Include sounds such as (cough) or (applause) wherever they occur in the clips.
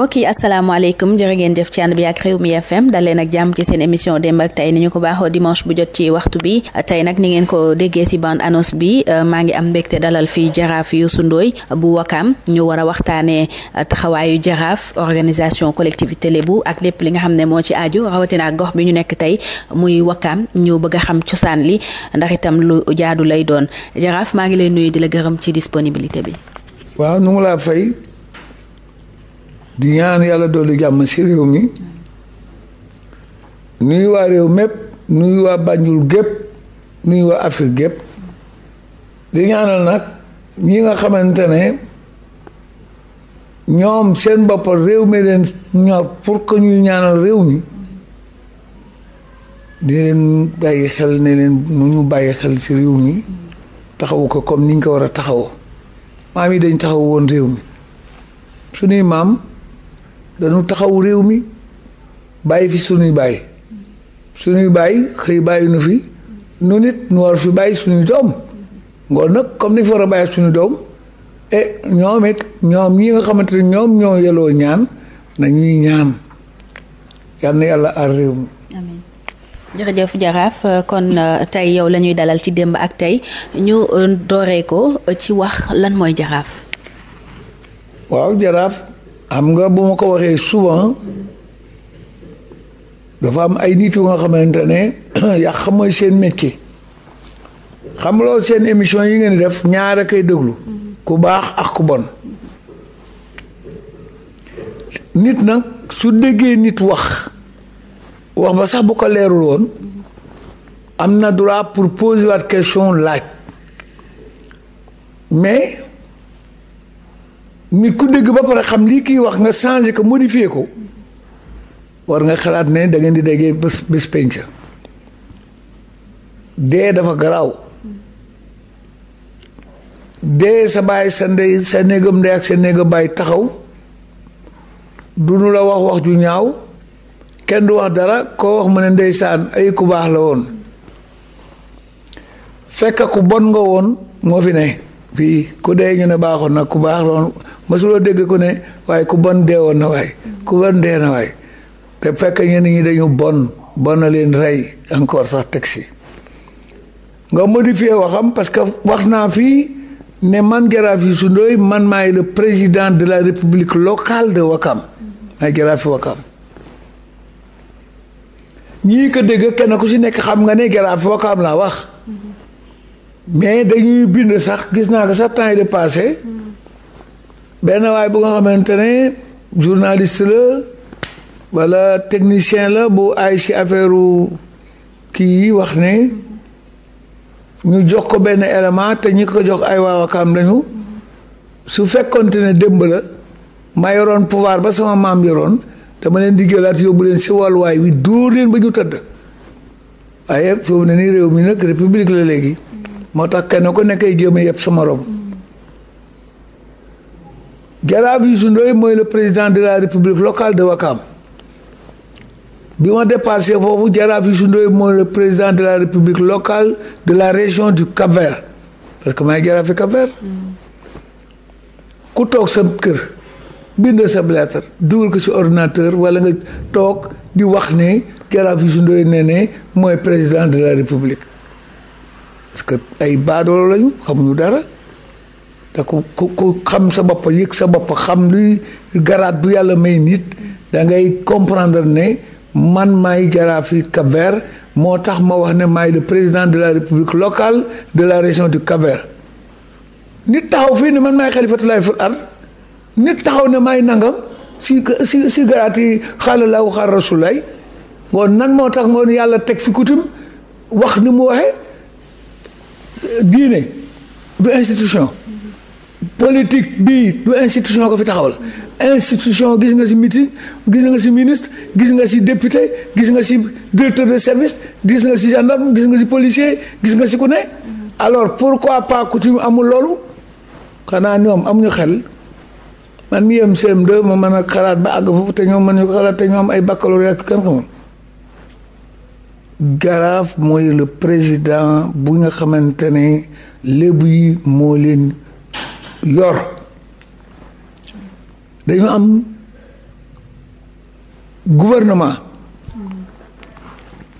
mbokk yi asalaamaaleykum jërë ngeen jëf ci ànd bi ak Rewmi FM dal leen ak jàmm ci seen émission démb ak tay ni ñu ko baaxoo dimanche bu jot ci waxtu bi tey nag ni ngeen ko déggee si bande annonce bi euh, maa ngi am mbégte dalal fii jaraaf Youssou Ndoye bu Wakam ñu war a waxtaanee euh, taxawaayu jaraaf organisation collectivité lébu ak lépp li nga xam ne moo ci aaju rawatina ak gox bi ñu nekk tey muy Wakam ñu bëgg a xam cosaan li ndax itam lu jaadu lay doon jara maa ngi lay nuyu di la gërëm ci disponibilité bi di ñaan yàlla doolu jàmm ci réew mi nuyu réew mépp nuyu waa Banjul gépp nuyu waa Afrique gépp di ñaanal nag ñi nga xamante ne ñoom seen boppal réew mi leen ñor pour que ñuy ñaanal réew mi di leen bàyyi xel ne leen nu ñu bàyyi xel ci réew mi taxawu ko comme niñ ko war a taxawoo maam yi dañ taxaw woon réew mi suñuy maam dañu taxaw réew mi bàyyi fi sunuy bàyyi sunuy bàyyi xëy bàyyi nu fi nu nit nu war fi bàyyi suñuy doom ngoon nag comme ni fi war a bàyyi suñu doom e ñoom it ñoom ñi nga xamante ne ñoom ñoo yeloo ñaan nañuy ñaan yal na yàlla aar réew mi amiin jërëjëf jaraaf kon euh, tey yow lañuy dalal ci démb ak tey ñu euh, dooree ko ci wax lan mooy jaraaf waaw jaraaf am nga bu ma ko waxee souvent dafa am ay nit yu nga xamante ne (clears throat) yàq mooy seen métier xam loo seen émission yi ngeen def ñaar a koy déglu ku baax ak ku bon nit nag su déggee nit wax wax ba sax bu ko leerul woon am na droit pour pose wat question laaj mais mi ku dégg ba pare xam lii kii wax nga changé ko modifié ko war nga xalaat ne da di déggee bés bis penc dee dafa garaaw dee sa baay sa ndey sa néegam ndey ak sa néega baay taxaw du nu la wax wax ju ñaaw kenn du wax dara koo wax mu ne ndeysaan ay ku baax la woon fekk ku bon nga woon moo fi ne fii ku dee ñu ne baaxoon na ku baax loon mësuloo dégg ko ne waaye ku bon dee woon na waay ku bon dee na waay te fekk ñenn ñi dañu bon bon na leen rey encore sax teg si nga modifié waxam parce que wax naa fii ne man Jaraaf Youssou Ndoye man maay le président de la république locale de Wakam maay Jaraafi Wakam ñii ko dégg kenn ku si nekk xam nga ne Jaraafi Wakam laa wax mais dañuy bind sax gis naa ko sax temps yi paase benn waay bu nga xamante ne journaliste la walla technicien la bu ay si affaire kii yi wax ne ñu jox ko benn élément te ñu ko jox ay waawakaam lañu su fekkonte ne démb la ma yoroon pouvoir ba sama maam yoroon dama leen di jëlaat yóbbu leen si wàlluwaay wi dóor leen ba ñu tëdd waaye foofu ne ni réew mi nag république la léegi moo tax kenn ku nekkay jéem a yëpp sa morom jaraaf Youssou Ndoye mooy le président de la république locale de Wakam bi ma dépassé foofu jaraaf Youssou Ndoye mooy président de la république locale de la région du cap parce que maay jaraafi Cap-Vert ku toog sa kër bind sa lettre dugal ko si ordinateur wala nga toog di wax ne jaraaf Youssou Ndoye nee ne mooy président de la république parce que ay baadoolo lañu xamuñu dara te ku ku xam sa bopp yëg sa bopp xam luy garaat bu yàlla may nit da ngay comprendre ne man may jaraaf yi cap moo tax ma wax ne maay le président de la république locale de la région du Cap-Vert nit taxaw fii ne man maay xalifatulaay ful ard nit taxaw ne may nangam si si si garaat yi xaala laahu xaar rasulaay ngoon nan moo tax ngoon yàlla teg fi diine du institution politique bii du institution ko fi taxawal institution gis nga si miti gis nga si ministre gis nga si député gis nga si directeur de service gis nga ci gendarme gis nga ci policier gis nga si ku ne alors pourquoi pas coutume amul loolu xanaa ñoom amuñu xel man mi yem CM2 ma mën a xalaat ba àgg foofu te ñoom mën ñu ko xalaat te ñoom ay baccalauréat kenn xamul Jaraaf mooy le président bu nga xamante ne lébu yi moo leen yor dañu am gouvernement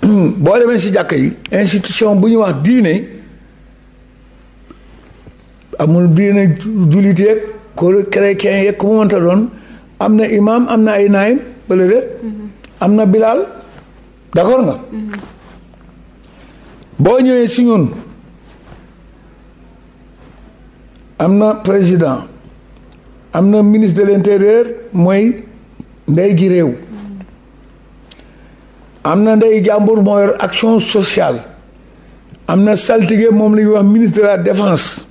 hmm. boo demee si jàkk yi institution bu ñu wax diine amul diine jullit yeeg ko chrétien yeeg ku mu mënta doon am na imam am na ay nay wala déet mm-hmm. am na bilal d'accord nga. boo ñëwee si ñun am na président am na ministre de l'intérieur mooy ndey gi réew am na ndey jàmbur moo yor action sociale am na saltige moom la wax ministre de la défense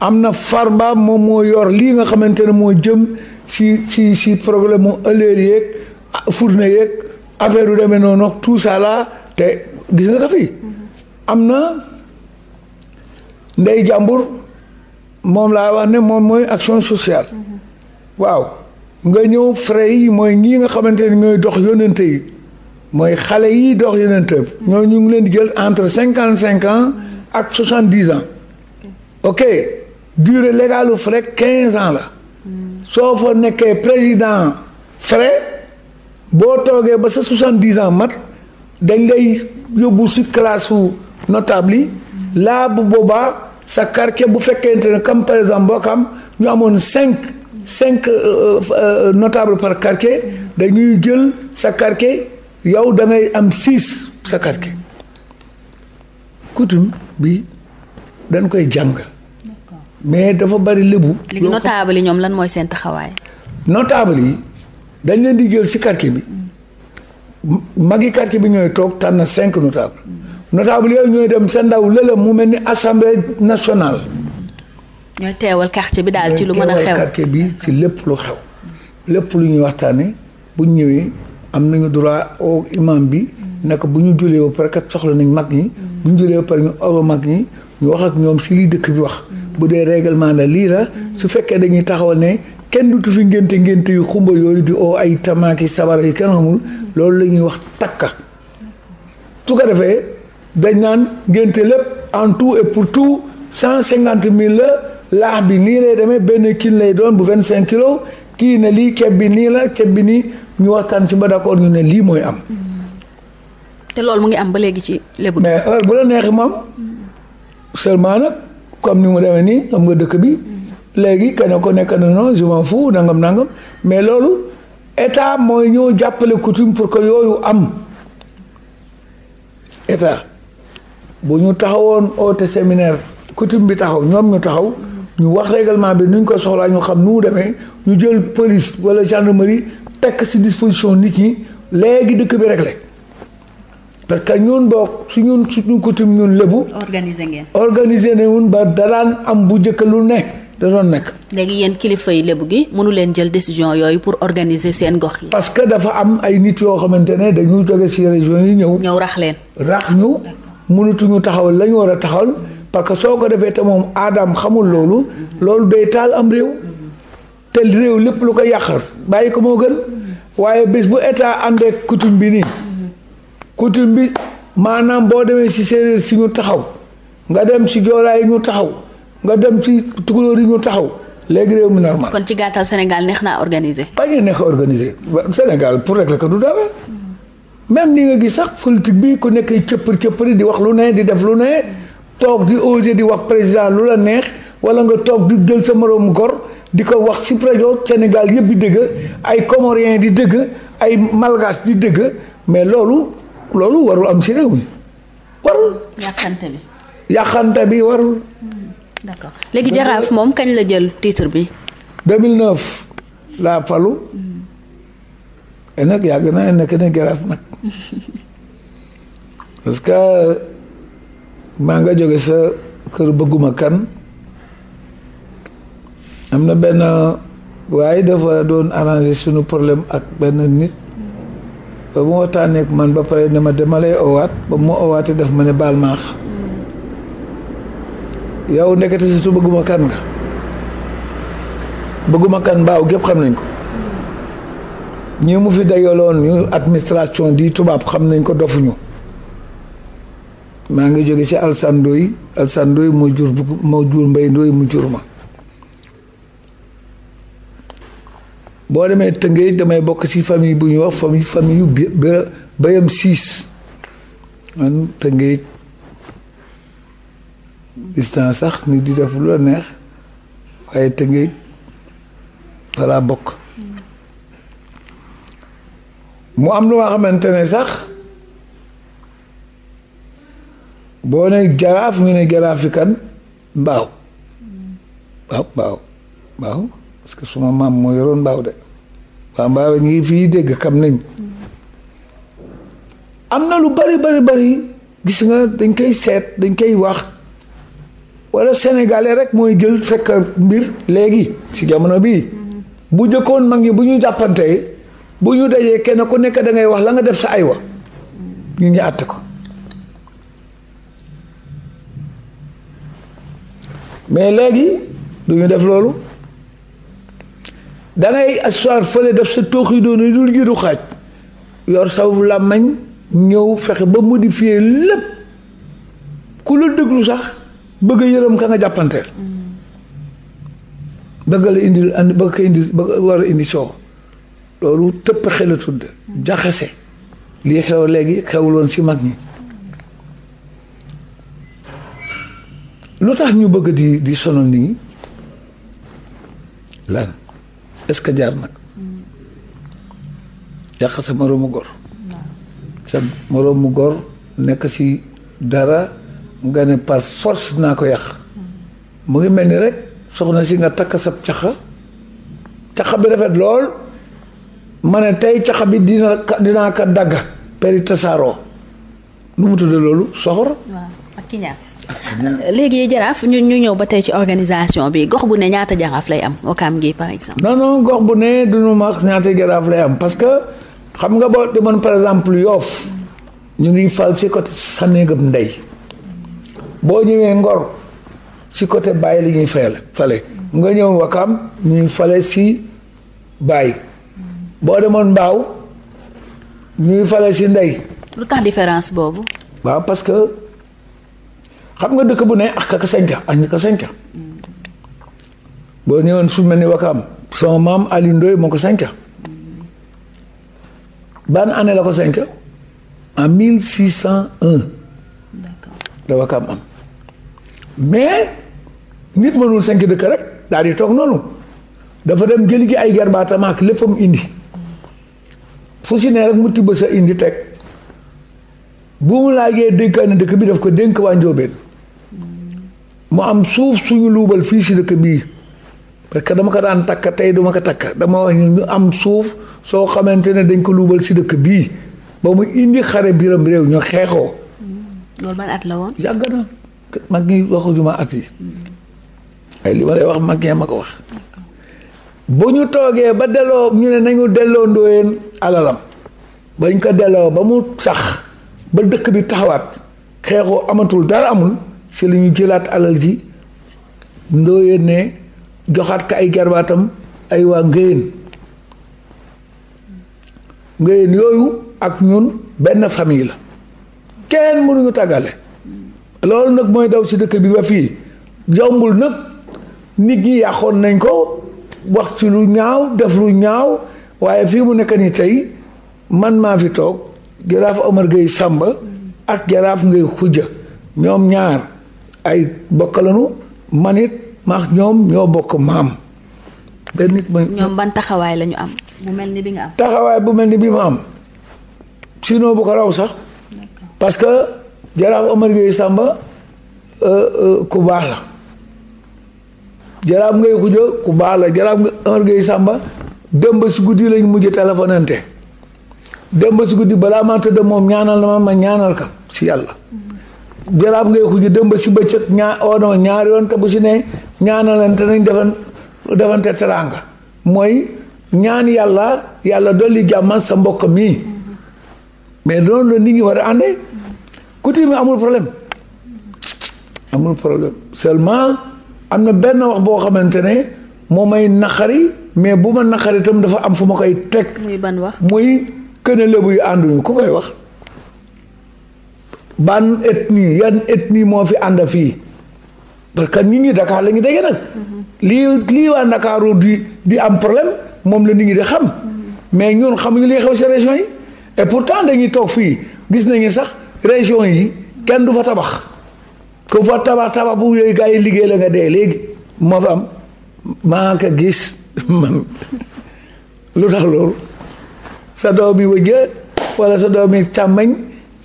am na farba moom moo yor lii nga xamante ne moo jëm si si si problème mu ëllëg yéeg fourne yeeg affaire yu demee noonu tout ça là te gis nga ko fii mm-hmm. am na ndey jàmbur moom laa wax ne moom mooy action sociale mm-hmm. waaw nga ñëw frais yi mooy ñii nga xamante ni ñooy dox yónnante yi mooy xale yi dox yónnante mm-hmm. ñoo ñu ngi leen di jël entre cinquante cinquant ans ak soixante dix ans ok durée légale frais quinze ans la soo fa nekkee président frais boo toogee ba sa soixante-dix ans mat dañ lay yóbbu si classe su notable yi laa bu boobaa sa quartier bu fekkente ne comme par exemple Ouakam ñu amoon cinq cinq euh, euh, euh, notable par quartier dañuy jël sa quartier yow da ngay am six sa quartier coutume bi dañ koy jàng mais dafa bari lébu. léegi notable yi ñoom lan mooy seen taxawaay. notable yi. dañ leen di jël si quartier bi magi quartier bi ñooy toog tànn cinq notable notable yooyu ñooy dem sa ndaw lële mu mel ni assemblée nationale. ñooy teewal quartier bi daal ci lu mën a xew quartier bi ci lépp lu xew. lépp lu ñuy waxtaanee bu ñëwee am nañu droit bi naka bu ñu jullee ba pare soxla nañ mag ñi. bu ñu jullee ba ñu oo mag ñi ñu wax ak ñoom si li dëkk bi wax. bu dee réglement la lii la su fekkee dañuy taxawal ne. kenn dutu fi ngénte ngénte yu xumba yooyu di oo ay tamaaki sabara yi kenn xamul loolu la ñuy wax takka su ko defee dañ naan ngénte lépp en tout et pour tout cent cinquante mille la laax bi nii lay demee benn kin lay doon bu vingt cinq kilos kii ne lii ceeb bi nii la ceeb bi nii ñu waxtaan si ba d'accord ñu ne lii mooy am. te loolu mu ngi am ba léegi ci lébu. mais euh, bu la neexee moom seulement nag comme ni mu demee nii xam nga dëkk bi. léegi kenn ko nekk na non je m'en nangam nangam mais loolu état mooy ñëw jàppale coutume pour que yooyu am état bu ñu taxawoon oote séminaire coutume bi taxaw ñoom ñu taxaw ñu wax règlement bi nuñ ko soxlaa ñu xam nu mu demee ñu jël police wala gendarmerie tekk ci disposition nit ñi léegi dëkk bi le parce que ñun boo su ñun suñu coutume ñun lébu. organiser ngeen. organiser nañu ba daraan am bu njëkk lu ne. da doon nekk. léegi yéen kilifa yi lébu gi mënu leen jël décision yooyu pour organiser seen gox yi. parce que dafa am ay nit yoo xamante ne dañuy jóge ci région yi ñëw. ñëw rax leen. rax ñu mënatuñu taxawal la ñu war a taxaw parce que soo ko defee te moom aadaam xamul loolu. loolu day taal am réew. te réew lépp lu ko yàqar bàyyi ko moo gën. waaye bis bu état àndee coutume bi nii. coutume bi maanaam boo demee ci séeréer si ñu taxaw. nga dem ci joolaa yi ñu taxaw. nga dem ci tukulóor yi ñu taxaw léegi réew mi normal. kon ci gàttal Sénégal neex naa organiser. ba ñu neex a Sénégal pour rek la ko du dara même ni nga gis sax politique bi ku nekk cëppar cëppari di wax lu ne di def lu ne toog di oser di wax président lu la neex wala nga toog di jël sa moroom gor di ko wax si rajo Sénégal yëpp di dëgg ay comorien di dëgg ay malgache di dëgg mais loolu loolu warul am ci réew mi warul. yàqante bi. yàqante d'accord léegi jaraaf moom kañ la jël titre bi. 2009 laa falu. Mm. et nag yàgg naa nekk na jaraaf nag. (laughs) parce que maa nga jóge sa kër bëgguma kan am na benn waaye dafa doon arranger suñu problème ak benn nit mm. ba mu waxtaanee ak man ba pare ne ma dama lay owaat ba mu owaatee daf ma ne baal maax yow nekkati surtout bëgguma kan bëgguma kan mbaaw gépp xam nañ ko ñi mu fi dayaloon ñu administration di tubaab xam nañ ko dofuñu maa ngi jóge ci alsandooy alsandooy moo jur moo jur mbay ndooy mu jur ma boo demee tëngee damay bokk ci famille bu ñuy wax famille famille yu bayam siis man distance sax nit di def lu la neex waaye Tëngéej falaa bokk mu am lu nga xamante ne sax boo ne jaraaf ñu ne jaraafi kan mbaaw waaw mbaaw mbaaw parce que suma maam moo yoroon mbaaw de waaw mbaaw ñi fii dégg xam nañ am na lu bari bari bari gis nga dañ koy seet dañ koy wax wala sénégalais rek mooy jël fekk mbir léegi si jamono bii bu jëkkoon mag ñi bu ñu jàppantee bu ñu dajee kenn ku nekk da ngay wax la nga def sa ay wa ñu ñu àtte ko mais léegi du ñu def loolu dangay asseoir fële def sa toox yi doon dul jiitu xaaj yor saw làmmañ ñëw fexe ba mu di modifier lépp ku la déglu sax bëgg yërëm ka nga jàppanteel bëgg la indil andi bëgg ko indi bëgg war indi soow loolu tëpp xel a tudd lii xew léegi xewul woon si mag ñi lu tax ñu bëgg di di sonal nit ñi lan est-ce que jaar nag yàq sa moroomu gor sa moroomu gor nekk si dara nga ne par force naa ko yàq mu ngi mel ni rek soxna si nga takk sab caxa caxa bi rafet lool ma ne tey caxa bi dina dinaa ka dagg peri tasaaroo nu mu tudde loolu soxor léegi jaraaf ñu ñu ñëw ba tey ci organisation bi gox bu ne ñaata jaraaf lay am Ouakam gi par exemple non non gox bu ne duñu max ñaata jaraaf lay am parce que xam nga boo demoon par exemple yoof ñu ngi fal si côté Sanégab Ndey boo ñëwee Ngor si côté Baye li ñuy fayal fale mu nga ñëw Wakam ñuy fale si Baye boo demoon Mbaaw ñuy fale si Ndey. lu tax différence boobu. waaw parce que xam nga dëkk bu ne ak ka sanca ak ñi ka sanca boo ñëwoon su mel ni Wakam sama maam Aliou Ndoye moo ko sanca ban année la ko sanca en mille six cent un la Wakam am mais nit mënul cinq dëkk rek daal di toog noonu dafa dem jëli ji ay gerbaatam ak léppam indi fu si ne rek mu tibb sa indi teg bu mu laajee dëkk bi daf ko dénk waa njóobeen mu am suuf suñu luubal fii si dëkk bii parce que dama ko daan takk tey duma ko takk dama wax ñu am suuf soo xamante ne dañ ko luubal si dëkk bii ba mu indi xare biram réew ñu xeexoo. loolu ban at la woon. yàgg na. mag ñi waxutuma at yi ay li ma lay wax mag ñee ma ko wax bu ñu toogee ba delloo ñu ne nañu delloo ndóoyeen alalam bañ ko delloo ba mu sax ba dëkk bi taxawaat xeexoo amatul dara amul si li ñu jëlaat alal ji ndóoyeen ne joxaat ko ay garbaatam ay waa ngéyeen ngéyeen yooyu ak ñun benn famille la kenn mënuñu tàggale loolu nag mooy daw si dëkk bi ba fii jombul nag nit ñi yàqoon nañ ko wax ci lu ñaaw def lu ñaaw waaye fii mu nekk ni tey man maa fi toog jaraaf Omar Gueye ak jaraaf ngay xujja ñoom ñaar ay bokk lañu man maax ñoom ñoo bokk maam benn nit ma ñoom ban taxawaay lañu am bu mel ni bi taxawaay bu mel ni bi ma am sinon bu ko raw sax parce jaraaf Omar sàmba euh, euh, ku baax la jaraaf ngay xujo ku baax la jaraaf Omar Gueye si guddi lañ mujj téléphonante dëmb si guddi balaa ma tëdd moom ñaanal na ma ñaanal ka si yàlla jaraaf ngay xujo dëmb si bëccëg ñaa oo oh na ñaari yoon te bu si ne ñaanalante nañ defan defante teraanga mooy ñaan yàlla yàlla dolli jàmmal sa mbokk mii mais loolu la nit ñi war a àndee coutume amul problème amul problème seulement am na benn wax boo xamante ne moo may naqari mais bu ma naqari itam dafa am fu ma koy teg. muy ban wax muy këne lébu yu ànduñu ku koy wax. ban ethnie yan ethnie moo fi ànd fii parce que nit ñi Dakar la ñu nag. Mm-hmm. lii lii waa Ndakaaru di di am problème moom la nit ñi di xam. Mm-hmm. mais ñun xamuñu li xew si région yi et pourtant dañuy toog fii gis nañu sax. région yi kenn du fa tabax ku fa tabax tabax bu yooyu gars liggéey la nga dee léegi moo fa am maa ko gis (laughs) man lu tax loolu sa doom bi wëjë wala sa doom bi càmmañ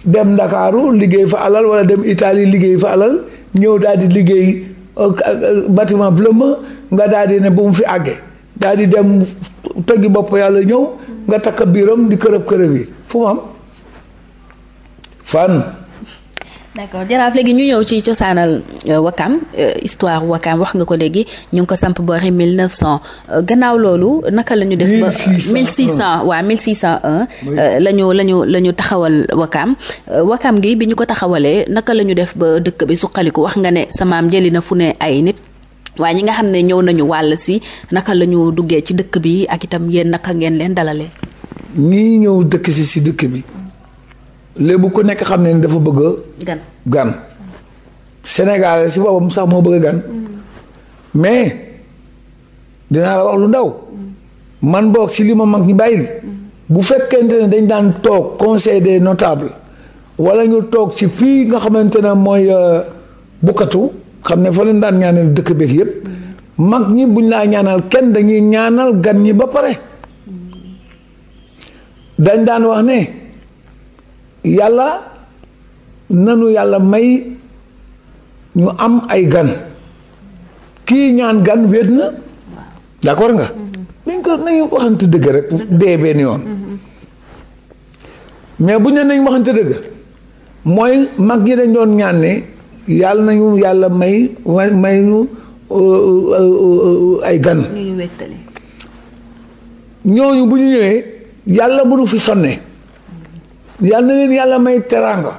dem ndakaaru liggéey fa alal wala dem Italie liggéey fa alal ñëw daal di liggéey bâtiment plomb nga daal ne bu mu fi àggee daal dem tëggi bopp yàlla ñëw nga takk biiram di kërëb kërëb yi fu mu fan. d'accord jaraaf léegi ñu ñëw ci cosaanal euh, Wakam euh, histoire Wakam wax nga ko léegi ñu ngi ko samp boori 1900 euh, gannaaw loolu naka la ñu def ba 1600 waaw 1601 la ñu la ñu la ñu taxawal Wakam Wakam gi bi ñu ko taxawalee naka la ñu def ba dëkk bi suqaliku wax nga ne sa maam jëli na fu ne ay nit waaye ñi nga xam ne ñëw nañu wàll si naka la ñu duggee ci dëkk bi ak itam yéen naka ngeen leen dalale ñii ñëw dëkk si si dëkk bi lébu ku nekk xam ne ni dafa bëgg gan gan Sénégal si boppam sax moo bëgg gan mais dinaa la wax lu ndaw man boog si li ma mag ñi bàyyil bu fekkente ne dañ daan toog conseil des notables wala ñu toog si fii nga xamante ne mooy euh, bukkatu xam ne fa leen daan ñaanal dëkk beeg yépp mag ñi buñ laa ñaanal kenn dañuy ñaanal gan ñi ba pare dañ daan wax ne yàlla nanu yàlla may ñu am ay gan kii ñaan gan wéet na d'accord nga mm-hmm. nañu waxante dëgg rek dee mm-hmm. mais bu ñu nañ waxante dëgg mooy mag ñi dañ doon ñaan ne yàlla nañu yàlla may may ñu euh, euh, euh, ay gan ñooñu bu ñu ñëwee yàlla bu nu fi sonne yal na leen yàlla may teraanga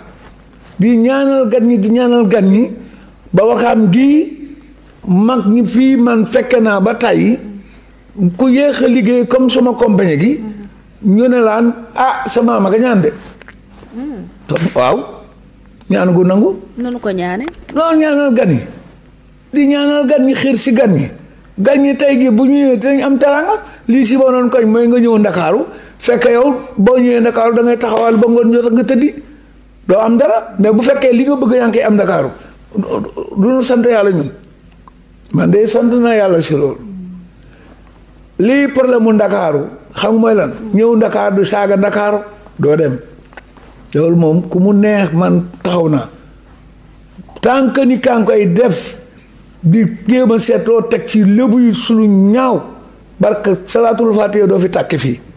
di ñaanal gan ñi di ñaanal gan ñi ba waxaam gi mag ñi fii man fekke naa ba tàyyi ku yéex a liggéey comme sama compagnie gi ñu ne laan ah sama maga ñaan de hmm. waaw ñaan gu nangu noonu ko ñaane noonu ñaanal gan ñi di ñaanal gan ñi xiir si gan ñi gan ñi tey gi bu ñu ñëwee dinañ am teraanga lii si boonoon koñ mooy nga ñëw ndakaaru fekk yow boo ñëwee Dakar da ngay taxawal ba ngoon jot nga tëddi doo am dara mais bu fekkee li nga bëgg yaa ngi koy am Dakar du ñu sant yàlla ñun man de sant naa yàlla si loolu lii problème mu ndakaaru xam mooy lan ñëw ndakaar du saaga ndakaaru doo dem loolu moom ku mu neex man taxaw naa tànk ni kan koy def di jéem a teg ci lébu yi suñu ñaaw barka salaatul fatiha doo fi tàkk fii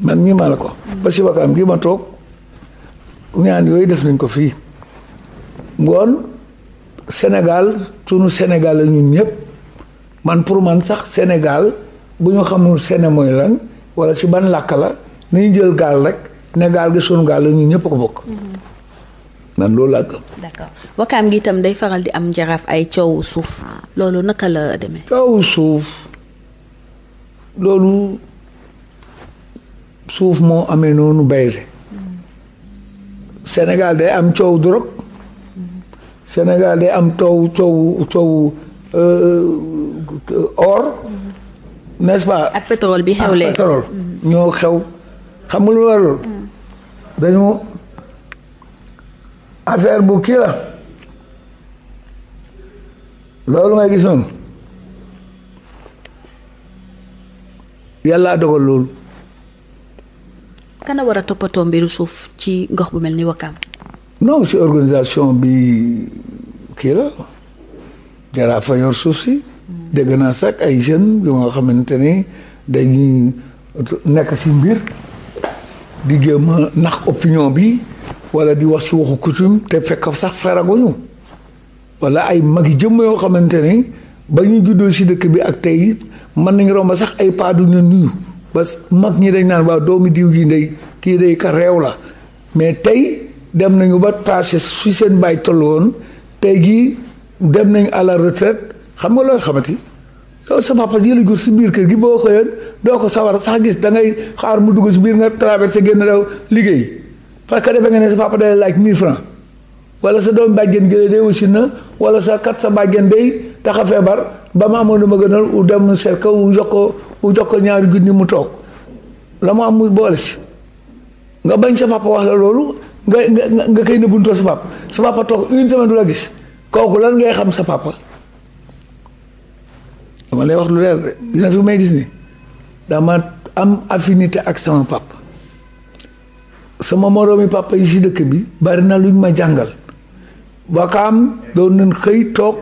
man ñi maa la ko ba si wakaam gi ma toog ñaan yooyu def nañ ko fii ngoon Sénégal sunu Sénégal la ñun ñëpp man pour man sax Sénégal bu ñu xamul Séné mooy lan wala si ban làkk la nañu jël gaal rek ne gaal gi sunu gaal la ñun ñëpp ko bokk mm-hmm. man loolu laa gëm wakaam gi itam day faral di am jaraaf ay coowu suuf loolu naka la demee coowu suuf loolu suuf moo amee noonu bayre Sénégal day am coow drogue Sénégal day am tow coow coow euh, or n'est-ce ak pétrole bi xewlee ah, ak ñoo xew xam nga lu loolu dañu affaire bu kii la loolu ngay gis noonu yàllaa dogal loolu. kan a war a toppatoo mbiru suuf ci gox bu mel ni Wakam. non si organisation bi kii la jaraaf a yor suuf si. dégg naa sax ay jeunes yu nga xamante ni dañuy nekk si mbir di jéem a nax opinion bi wala di wax si waxu coutume te fekk sax feraguñu walla ay mag yu jëmm yoo xamante ni ba ñuy juddoo si dëkk bi ak tey mën nañu romb sax ay paadu ñu nuyu. ba mag ñi dañ naan waaw doomi diw gi ndey kii day ka réew la mais tey dem nañu ba passé su seen bàyyi toll woon tey jii dem nañ à la xam nga looy xamati yow sa papa ji biir kër gi boo xëyoon doo ko sawar sax gis da ngay xaar mu dugg si biir nga sa génn daw liggéey parce que defe nga ne sa papa day laaj mille francs wala sa doom bàjjen gi day aussi na wala sa kat sa bàjjen day taxa a feebar ba ma amoon lu ma gënal u dem seet ko u jox ko mu jox ko ñaari junni mu toog la mu am muy boole si nga bañ sa papa wax la loolu nga nga nga koy nëbbuntoo sa papa sa papa toog une semaine du la gis kooku lan ngay xam sa papa dama lay wax lu leer de gis na fi may gis ni dama am affinité ak sama papa sama moroomi papa yi si dëkk bi bari na luñ ma jàngal ba kaam doon nañ xëy toog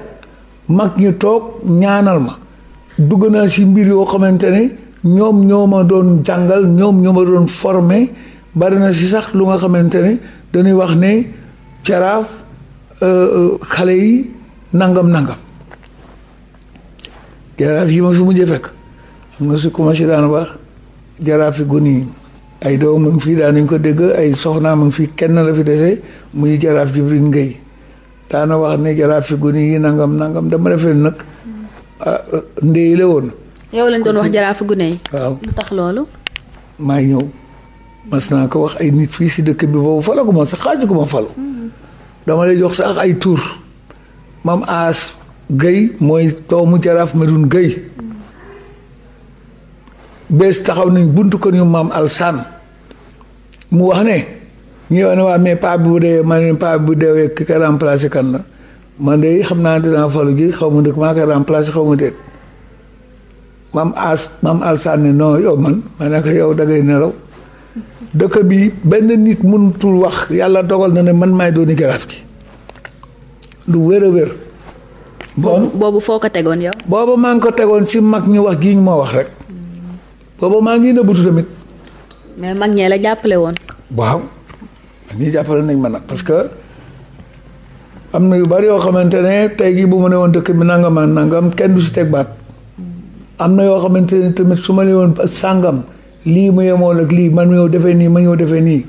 mag ñi toog ñaanal ma dugg naa si mbir yoo xamante ne ñoom ñoo ma doon jàngal ñoom ñoo ma doon formé bari na si sax lu nga xamante ne dañuy wax ne jaraaf euh, euh, xale yi nangam nangam jaraaf yi ma fi mujjee fekk am na su commencé daan wax jaraaf yi gone yi ay doom mu ngi fii daanuñ ko dégg ay soxnaa mu ngi fii kenn la fi dese muy jaraaf Jibril Ngay daana wax ne jaraaf yi gone yi nangam nangam dama defee nag Ah, ndey la woon. yow lañ doon wax jaraafu gune yi. waaw lu tax loolu. maa ñëw mas naa ko wax ay nit fii si dëkk bi boobu falagu ma sax xaaju ko ma falu. Mm-hmm. dama lay jox sax ay tur mam aas Guèye mooy doomu jaraaf Medoune Guèye. Mm-hmm. bees taxaw nañ buntu ko ñu maam Alsaan mu wax ne. ñu ne waa mais paa bu dee ma ne paa bu deewee ki ka remplacé kan la. man de xam naa dinaa falu ji xaw ma nag maa koy remplacé xaw ma déet maam as maam alsànni non yow man maa ne ko yow nelaw dëkk bi benn nit mënutul wax yàlla dogal na ne man maay dooni jaraaf gi lu wér a wér. bon boobu foo ko tegoon yow. boobu maa ngi ko tegoon si mag ñu wax gii ñu ma wax rek. boobu maa ngi nëbbutu tamit. mais mag ñee la jàppale woon. waaw mag ñi jàppale nañ ma nag parce am na yu bari yoo xamante ne tey jii bu ma nee woon dëkk bi nangam ak nangam kenn du si teg baat am na yoo xamante ne tamit su ma ne woon sàngam lii mu yemoon ak lii man ñëw defee nii ma ñëw defee nii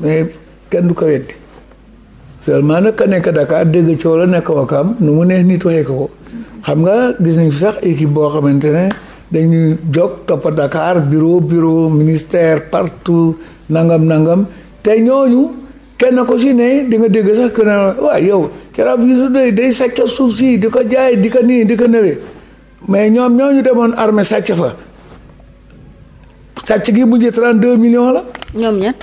mais kenn du ko weddi seulement nag ka nekk Dakar dégg coow la nekk Wakaam nu mu neex nit waxee ko xam nga gis nañ fi sax équipe boo xamante ne dañuy jog topp Dakar bureau bureau ministère partout nangam nangam te ñooñu. kenn ko si ne di nga dégg sax que ne yow Jaraaf Youssou Ndoye day sàcc suuf si di ko jaay di ko nii di ko nële mais ñoom ñoo ñu demoon armée sàcc fa sàcc gi mujjee 32 millions la. ñoom ñett.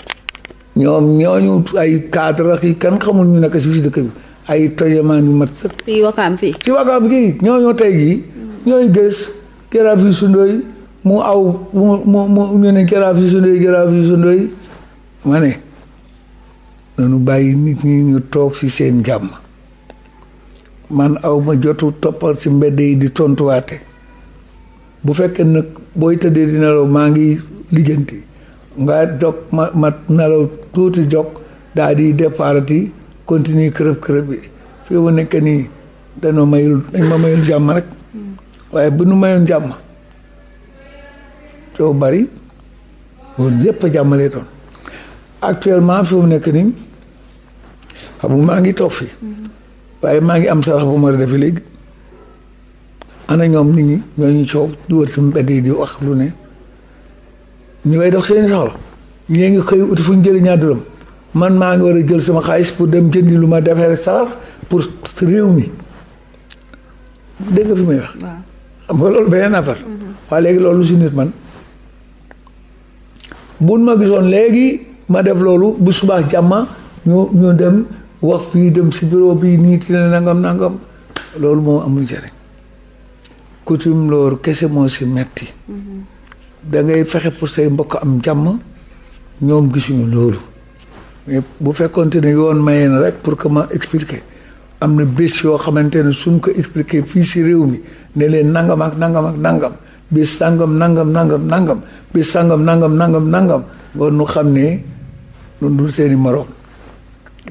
ñoom ñooñu ay cadre yi kenn xamul ñu nekk si dëkk bi ay tojamaan yu mat sax. fii Wakaam fii. ci Wakaam gi ñooñu tey gii ñooy gës Jaraaf Youssou Ndoye mu aw mu mu mu ñu ne Jaraaf Youssou Ndoye Jaraaf Youssou Ndoye ma nanu bàyyi nit ñi ñu toog ci seen jàmm man aw ma jotu toppal ci mbedd yi di tontuwaate bu fekk nag booy tëddee di nelaw maa ngi lijjanti nga jog ma ma nelaw tuuti jog daa di départi continue kërëb kërëb bi fii mu nekk nii dañoo mayul dañ ma mayul jàmm rek waaye bu nu mayoon jàmm coow bari loolu yépp jàmmalee doon actuellement fi mu nekk nii xam nga maa ngi toog fi waaye maa ngi am sarax bu ma defee léegi ana ñoom nit ñi ñoo ñu coow di wër ci mbedd yi di wax lu ne ñu koy dox seeni soxla ñee ngi xëy uti fu ñu jëlee ñaar man maa ngi war a jël sama xaalis pour dem jëndi lu ma defee sarax pour réew mi dégg nga fi may wax. xam nga loolu beneen affaire. Mhm. waaye léegi loolu si nit man buñ ma gisoon léegi. ma def loolu bu subaa jàmma ñu ñu dem wax fii dem si bureau bi nii ti nangam nangam loolu moo amul njëriñ coutume loolu kese moo si metti mm-hmm. da ngay fexe pour say mbokk am jàmm ñoom gisuñu loolu mais bu fekkonte ne yoon maye na rek pour que ma expliquer am na bés yoo xamante ne sum ko expliquer fii si réew mi ne leen nangam ak nangam ak nangam bés sàngam nangam nangam nangam bés sàngam nangam nangam nangam nu xam ne ñun dul seeni moroom.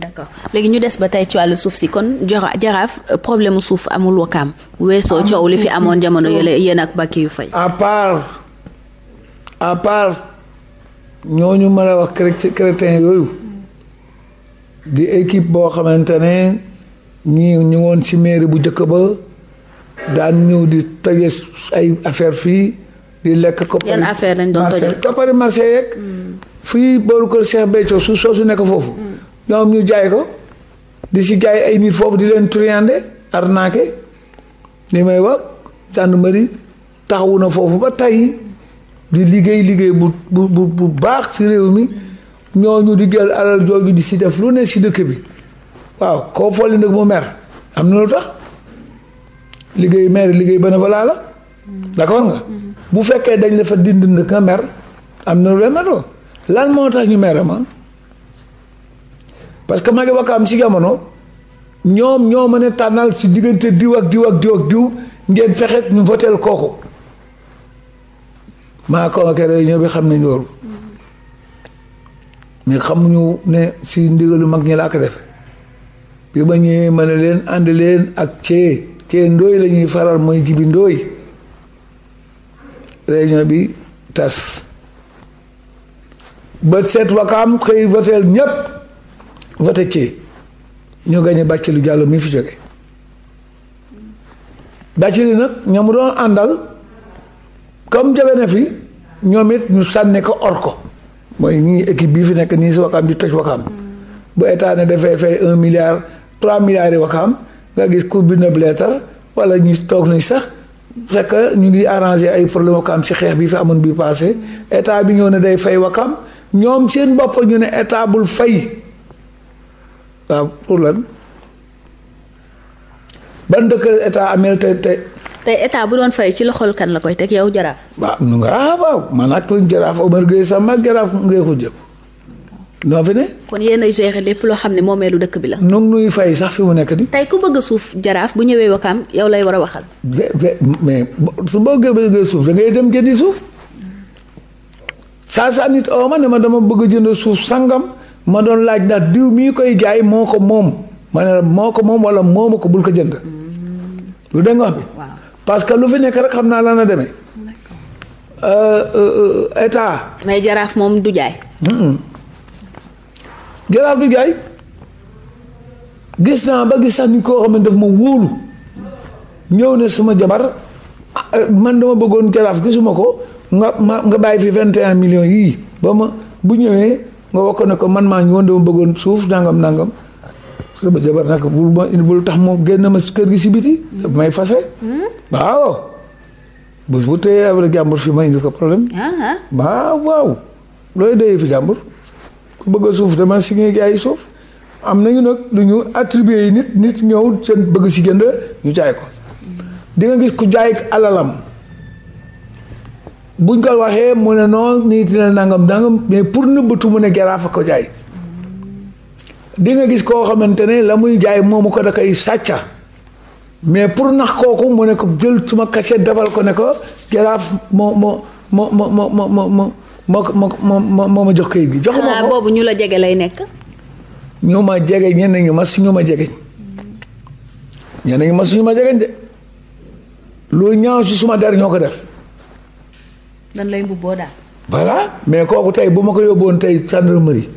d'accord léegi ñu des ba tey ci wàllu suuf si kon jaraaf euh, problème suuf amul wakaam weesoo coow li fi amoon jamono yële yéen ak bàkki yu fay. à part à part ñooñu mën a wax chrétien yooyu di équipe boo xamante ne ñi ñu woon ci maire bu njëkk ba daan ñëw di toje ay affaire fii di lekk. yan affaire lañ doon toje marché yeeg. Hmm. fii booru kër Cheikh Béthio suuf soosu nekk foofu ñoom ñu jaay ko di si jaay ay nit foofu di leen truander arnaquer li may wax gendarmerie taxawu na foofu ba tay di liggéey liggéey bu bu bu baax ci réew mi ñu di jël alal bi di si def lu ne si dëkk bi waaw koo folli nag mu mer am na lu tax liggéey mer liggéey bénévolat la d'accord nga mm-hmm. bu fekkee dañ la fa dindi nga mer am na lu leen merloo lan moo tax ñu mere ma parce que magi Wakaam si jamono ñoom ñoo mën a tànnal si diggante diw ak diw ak diw ak diw ngeen fexe ñu voteel kooku maa convoqué réunion bi xam nañ loolu mais xamuñu ne si ndigalu mag ñi laa ko defe bi ma ñëwee ma leen ànd leen ak cee cee ndóoy lañuy faral mooy jibi ndóoy réunion bi tas ba seet wakam xëy voteel ñépp vote ci ñu gañe Bathily jàll mi fi jóge Bathily nag ñoom doon àndal comme jóge na fi ñoom it ñu sànni ko or ko mooy ñii équipe bi fi nekk nii si wakaam di toj wakaam bu état ne dafay fay un milliard trois milliards yi nga gis ku bind leetar wala ñu toog nañ sax fekk ñu ngi arrangé ay problème wakaam si xeex bi fi amoon bi passé état bi ñëw ne day fay wakam ñoom seen bopp ñu ne état bul fay waaw pour lan ban dëkk état ameel te te. tey état bu doon fay ci loxol kan la koy teg yow jaraaf. waaw nu nga ah waaw man ak jaraaf Omar Gueye sama noo fi ne. kon yéen a gérer lépp loo xam ne moomeelu dëkk bi la. nu nuy fay sax fi mu nekk nii. tey ku bëgg suuf jaraaf bu ñëwee wakaam yow lay war a waxal. mais su bëggee bëggee suuf da ngay dem jëndi suuf. saa saa nit oo oh, ma ne ma dama bëgg a jënd suuf sangam ma doon laaj ndax diw mii koy jaay moo ko moom ma ne moo ko moom wala moomu ko bul ko jënd. lu dégg nga wax bi. parce que lu fi nekk rek xam naa lan la demee. Euh, euh, état. mais jaraaf moom du jaay. jaraaf du jaay gis naa ba gis sax ni koo xam ne daf ma wóolu ñëw ne suma jabar ah, man dama bëggoon jaraaf gisuma ko. nga ma nga bàyyi fi vingt et un millions yii ba ma bu ñëwee nga wokk ne ko man maa ñëwoon dama bëggoon suuf ndàngam nangam sama jabar nag bul ma bul tax mu génn ma kër gi si biti daf may fase hmm? waaw jàmbur fi ma indi ko problème ah, ah. waaw waaw looy doyee ku bëgg suuf dama si ngay jaay suuf am nañu nag lu ñu attribué yi nit nit ñëw seen bëgg si jënd ñu jaay ko di gis ku jaay alalam buñ ko waxee mu ne noonu nii dina nangam nangam mais pour nëbbatu mu ne jaraaf a ko jaay di nga gis koo xamante ne la muy jaay moomu ko da koy sàcca mais pour nax kooku mu ne ko jël suma cachet defal ko ne ko jaraaf moo moo moo moo moo moo moo moo ma jox kayit gi jox ma ko boobu ñu la jege lay nekk ñu ma jege ñenn ñi ma suñu ma jege ñenn ñi ma suñu ma jegeñ de lu ñaaw si suma der ñoo ko def nan lay mbubboo daal. voilà mais kooku tey bu ma ko yóbboon tey gendarmerie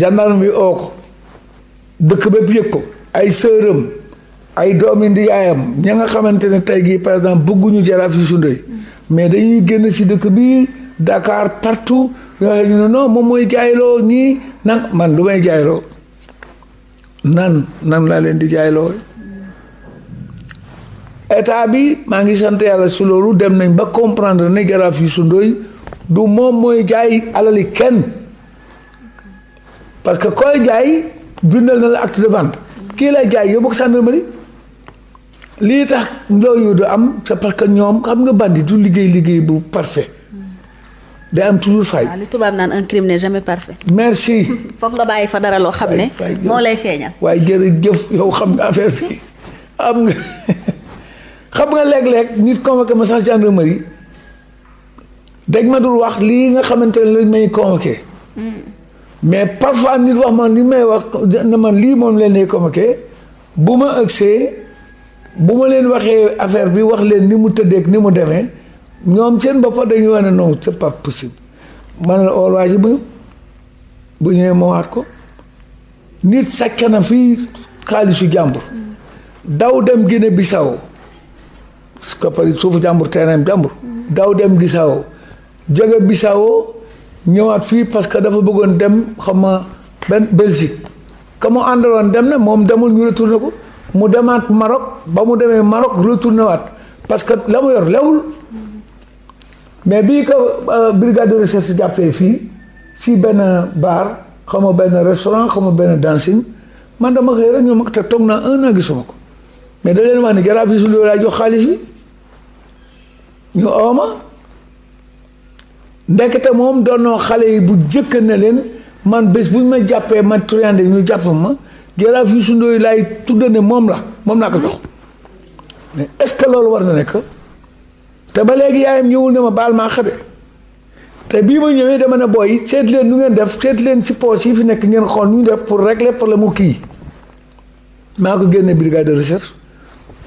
gendarme bi oo dëkk ba bu yëg ko ay sëram ay doomi ndiyaayam ña nga xamante ne tey gii par exemple bëgguñu jaraaf yu mm-hmm. mais dañuy génn si dëkk bi dakaar partout ñu ne moom mooy jaayloo nii nan man lu may jaayloo nan nan laa leen di jaayloo état bi maa ngi sant yàlla si loolu dem nañ ba comprendre ne jaraaf Youssou Ndoye du moom mooy jaay alali kenn parce que koy jaay bindal na la acte de vente kii lay jaay yóbbu ko gendarmerie lii tax loolu du am parce que ñoom xam nga bandi du liggéey liggéey bu parfait day am toujours fay. waaw li tubaab merci. (laughs) foog nga bàyyi fa dara loo xam ne. moo lay feeñal. waaye jërëjëf yow xam nga affaire bi am nga. (laughs) xam nga léeg-léeg nit convoqué ma sax gendarmerie dañ ma dul wax lii nga xamante ne lañ may convoqué mm. mais parfois nit wax man li may wax ne man lii moom leen lay convoqué bu ma ëgsee bu ma leen waxee affaire bi wax leen ni mu tëddeeg ni mu demee ñoom seen boppa dañuy wax ne non c'est possible man la ool oh, waa ji bu bu ñëwee ma waat ko nit sàcc na fii xaalisu jàmbur mm. daw dem Guinée Bissau koppari suufu jàmbur terrain jàmbur. daaw dem Bissau jóge Bissau ñëwaat fii parce que dafa bëggoon dem xam ma benn Belgique ka mu àndaloon dem na moom demul ñu retourné ko mu demaat Maroc ba mu demee Maroc retourné waat parce que la mu yor lewul mais bii que euh, brigade de recherche jàppee fii si benn bar xam ma benn restaurant xam ma benn dancing man dama xëy rek ñu mag te toog naa un gisuma ko mais da leen wax ni garab yi su laa jox xaalis bi. ñu ooma ndekete moom doonoo xale yi bu jëkk ne leen man bés bu ñu ma jàppee ma Touré ñu jàpp ma jaraaf Youssou Ndoye laay tudd ne moom la moom laa ko jox mais ce que loolu war na nekk te ba léegi yaayam ñëwul ne ma baal maa xade te bii ma ñëwee dama ne booy seet leen nu ngeen def seet leen si poos yi fi nekk ngeen xool nu ñu def pour régler problème mu kii maa ko génne brigade de recherche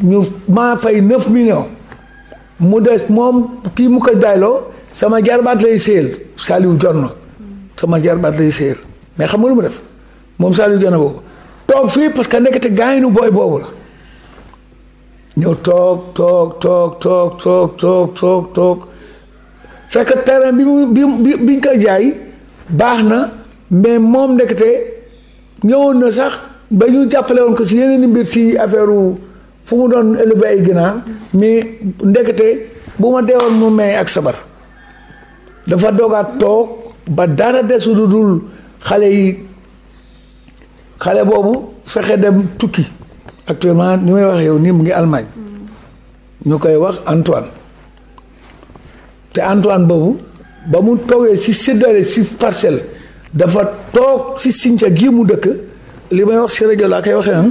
ñu maa fay neuf millions. mu des moom kii mu ko jaayloo sama jarbaat lay séyal Saliou Jonn sama jarbaat lay séyal mais xam nga lu mu def moom Saliou Jonn boobu toog fii parce que nekkate gaañu booy boobu la ñëw toog toog toog toog toog toog toog toog fekk terrain bi mu bi bi bi ñu ko jaay baax na mais moom nekkate ñëwoon na sax ba ñu jàppale woon ko si yeneen mbir si affaire fu mu doon élevé ay ginaar mais ndekete bu ma deewoon mu may ak sabar dafa dogaat toog ba dara desu dul xale yi xale boobu fexe dem tukki actuellement ni may wax yow nii mu ngi Allemagne ñu koy wax Antoine te Antoine boobu ba mu toogee ci séddale ci parcelle dafa toog ci sinca gii mu dëkk li may wax ci rajo laa waxee waxee ah.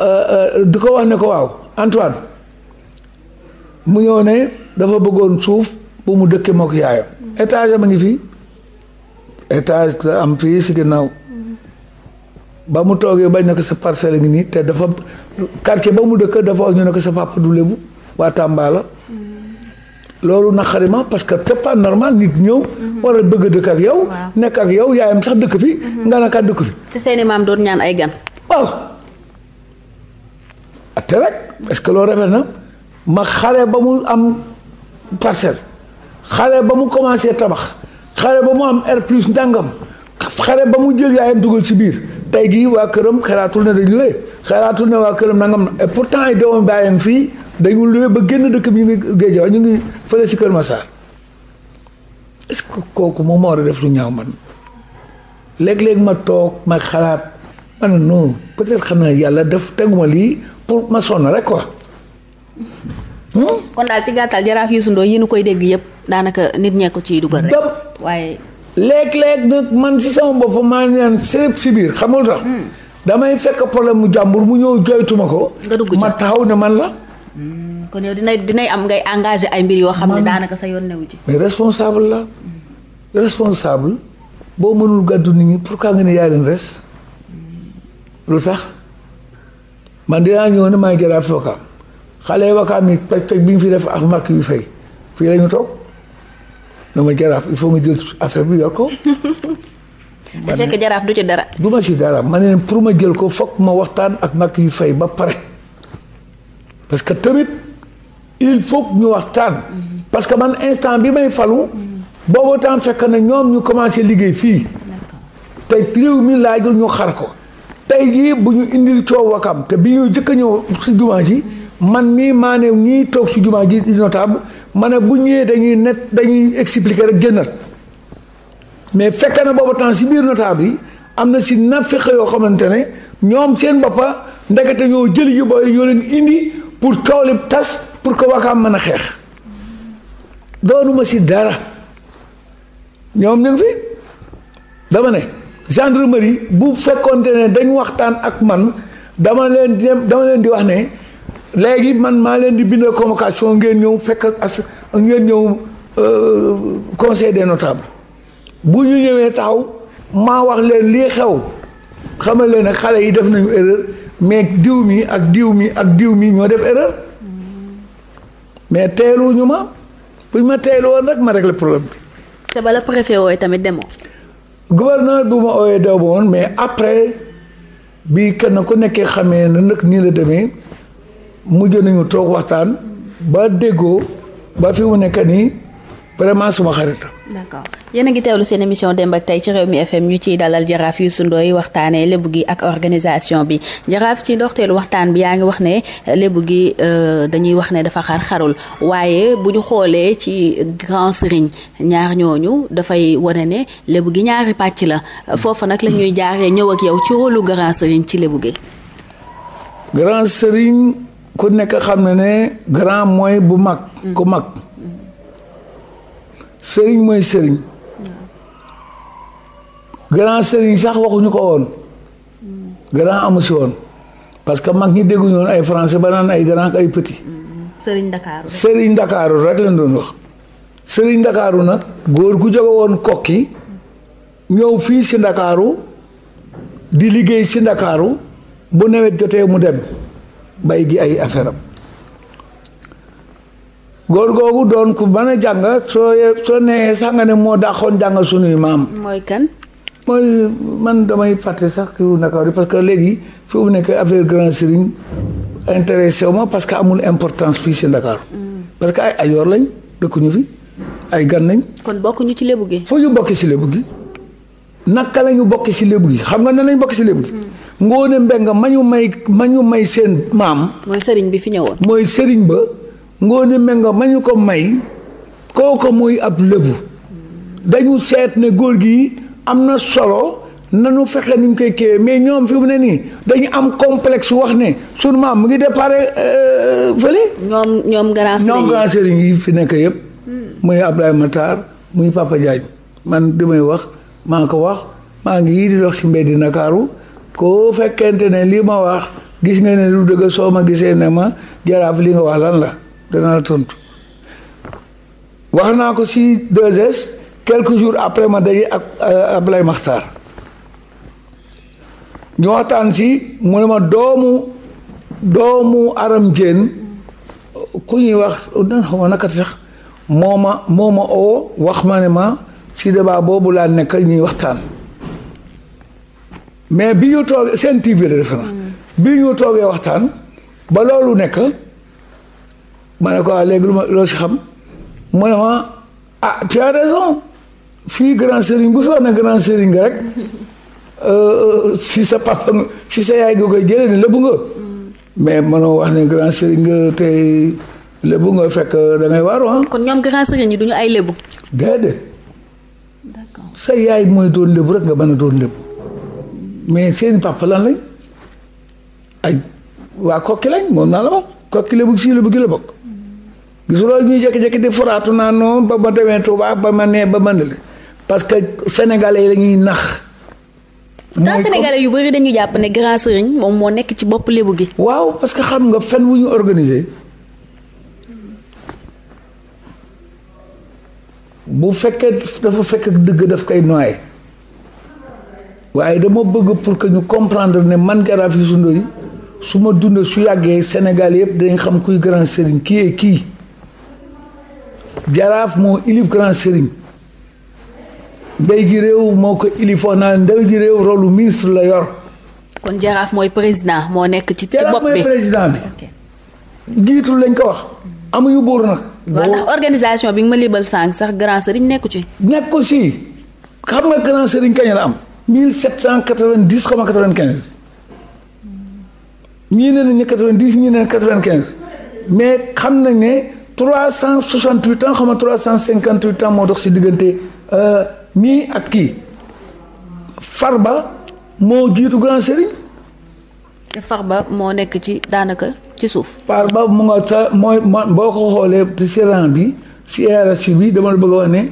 Euh, euh, di ko wax ne ko waaw Antoine mu ñëw ne dafa bëggoon suuf bu mu dëkkee mook yaayam étage ma ngi fii étage la am fii si ginnaaw ba mu toogee bañ na ko sa parcelle ngi nii te dafa quartier ba mu dëkk dafa ñu ne ko sa papa du lébu waa Tamba la loolu naqari ma parce que c'est pas normal nit ñëw. Mhm. war a bëgg dëkk ak yow. nekk ak yow yaayam sax dëkk fi. Mhm. nga ne dëkk fi. te seeni maam doon ñaan ay gan. atte rek est-ce que loolu rafet na ma xare ba mu am parcelle xare ba mu commencé tabax xare ba mu am air plus ndàngam xare ba mu jël yaayam dugal si biir tey gii waa këram xalaatul ne dañu luye xalaatul ne waa këram nangam na et pourtant ay doomam bàyyam fii dañu luye ba génn dëkk bi ñu ngi géej ñu ngi fële si Kër ma est-ce que kooku moom moo war a def lu ñaaw man léeg-léeg ma toog ma xalaat ma ne non peut xam na yàlla def teguma lii pour ma sonn rek quoi. Hmm? kon daal ci gàttal jaraaf Youssou Ndoye yi nu koy dégg yëpp daanaka nit ñee ko ciy dugal rek. waaye. léeg-léeg man si sama bopp maa ngi leen sërëb si biir xamul tax. Hmm. damay fekk problème mu jàmbur mu ñëw joytuma ko. ma taxaw ne man la. Hmm. kon yow dinay dinay am ngay engagé ay mbir yoo xam ne daanaka sa yoon newu ci. mais responsable la responsable boo mënul gàddu nit ñi pourquoi nga ne yaa leen res lu tax. man dinaa ñëw ne may ngi jaraaf Wakaam xale yi Wakaam yi toj toj bi ñu fi def ak mark yu fay fii la ñu toog na ma jaraaf il faut nga jël affaire bi yor ko. ma (laughs) fekk jaraat du ci dara. du ma ci dara ma ne pour ma jël ko foog ma waxtaan ak mark yu fay ba pare parce que tamit il faut ñu waxtaan. parce que man instant bi may falu. boobu temps fekk na ñoom ñu commencé liggéey fii. te réew mi laajul ñu xar ko. tey jii bu ñu indil coow wakam te bi ñuy jëkk a ñëw si jumaa ji man mii maa ñii toog si jumaa ji di notable ma ne bu ñëwee dañuy net dañuy expliquer rek génnat mais fekk na booba temps si biir notable yi am na si na nafiq yoo xamante ne ñoom seen boppa ndekete ñoo jëli ji booy ñoo leen indi pour coow li tas pour que wakaam mën a xeex doonuma si dara ñoom ñu fi dama ne gendarmerie bu fekkonte ne dañ waxtaan ak man dama leen di dama leen di wax ne léegi man maa leen di bindal convocation ngeen ñëw fekk as ngeen ñëw euh, conseil des notables bu ñu ñëwee taxaw maa wax leen lii xew xamal leen ne xale yi def nañu erreur mais diw mi ak diw mi ak diw mi ñoo def erreur mais teelu ñu ma bu ñu ma teelu woon rek ma régler problème bi. te bala préfet wooy tamit demoo. gouverneur bu ma ooyee daw mais après bi kenn ku nekkee xamee na nag nii la demee mujj nañu toog waxtaan ba déggoo ba fi mu nekk nii vraiment suma xarit. d'accord yéen a ngi teewlu seen émission démb ak tey ci Rewmi FM ñu ciy dalal jaraaf Youssou Ndoye waxtaanee lébu gi ak organisation bi jaraaf ci ndoorteelu waxtaan bi yaa ngi wax ne euh, lébu gi euh, dañuy wax ne dafa xar xarul waaye bu ñu xoolee ci grand serigne ñaar ñooñu dafay wane ne lébu gi ñaari pàcc la foofu nag la ñuy jaaree ñëw ak yow ci rôle grand sëriñ ci lébu gi. grand serigne ku nekk xam na ne grand mooy bu mag. ku mag. sëriñ mooy sëriñ grand sëriñ sax waxuñu ko woon grand amu si woon parce que mag ñi dégguñu woon ay français ba naan ay grand ay petit. Mm-hmm. sëriñ Ndakaaru sëriñ Ndakaaru rek lañ doon wax sëriñ Ndakaaru nag góor gu jóge woon kokki ñëw fii si Ndakaaru di liggéey si Ndakaaru bu nawet jotee mu dem bay gi ay affaire am góor googu doon ku mën jàng soo soo nee sànga ne moo dàqoon jàng sunuy maam. mooy kan. mooy man damay fàtte sax kii wu Ndakaaru parce que léegi fi mu nekk affaire grand serigne intéressé wu ma parce que amul importance fii si Ndakaaru. Mm. parce que ay ayoor lañ dëkkuñu fi ay gan lañ. kon bokkuñu ci lébu gi. fu ñu bokki si lébu gi naka la ñu bokki si lébu gi xam nga nan lañu bokki si lébu gi. Mm. Ngoone Mbengue ma ñu may ma ñu may seen maam. mooy sëriñ bi fi ñëwoon. mooy sëriñ ba. Ngóone Mengo ma ñu ko may kooku muy ab lébu dañu seet ne góor gi am na solo na nanu fexe nuñ koy kéwee mais ñoom fi mu ne nii dañu am complexe wax ne sunu mu ngi déparé euh, fële. ñoom ñoom grand sëriñ ñoom yi fi nekk yëpp. Hmm. muy Ablaye Matar muy Papa Diagne man may wax maa ko wax maa ngi yii di dox si mbedd Ndakaaru koo fekkente ne lii ma wax gis nga ne lu dëgg soo ma gisee ne ma jaraaf li nga wax lan la. danaa la tontu wax naa ko si 2 quelque quelques jours après ma daje ak euh, Ablaye Makhtar ñu waxtaan si mu ne ma doomu doomu Aram Dieng ku ñuy wax danga xam naka sax moo ma moo ma oo wax ma ne ma si débat boobu laa nekk ñuy waxtaan mais bi ñu toogee seen TV la defe na mm. bi ñu toogee waxtaan ba loolu nekk ma ne ko ah léegi lu ma loo si xam mu ne ma ah tu as raison fii grand sëriñ bu fi wax ne grand sëriñ nga rek (laughs) euh, si sa papa si sa yaay nga koy jëlee ne nga mm. mais mënoo wax ne grand sëriñ nga fekk da ngay ah. kon ñoom grand sëriñ yi du ay lébu. déedéet. yaay mooy doon lébu rek nga mais seen papa lan lañ ay waa kokki lañ moom naa la wax kokki lébu si lébu gi la bokk. gisuloo ñuy jékki-jékki di foraatu naa noonu ba ma demee Touba ba ma nee ba ma ne parce que sénégalais la ñuy nax. pourtant sénégalais yu bëri dañu jàpp ne grand serigne moom moo nekk ci bopp léebu gi. waaw parce que xam nga fen wu ñu organisé bu fekkee dafa fekk dëgg daf koy noyé waaye dama bëgg pour que ñu comprendre ne man Jaraaf Youssou Ndoye su ma dundee su yàggee Sénégal yëpp dañ xam kuy grand serigne kii et kii. jaraaf moo ilif grand sëriñ ndey gi réew moo ko ilifoon naa ndey gi réew rolu ministre la yor. kon jaraaf mooy président moo nekk ci. ci bopp bi jaraaf bi. jiitu lañ ko wax. amuñu buur nag. boo ndax organisation bi nga ma libal sànq sax grand sëriñ nekku ci. nekku si xam nga grand sëriñ kañ la am. 1790 xam nga 95. ñii ne nañ ne 90 ñii ne 95 mais xam na ne. trois cent soixante huit ans xam nga trois cent cinquante huit ans moo dox si diggante euh, ñii ak kii far ba moo jiitu Grand Serigne. ba moo nekk ci daanaka ci suuf. Farba mu nga sa mooy boo ko xoolee ci rang bi si RSI bi dama la bëgg a wax ne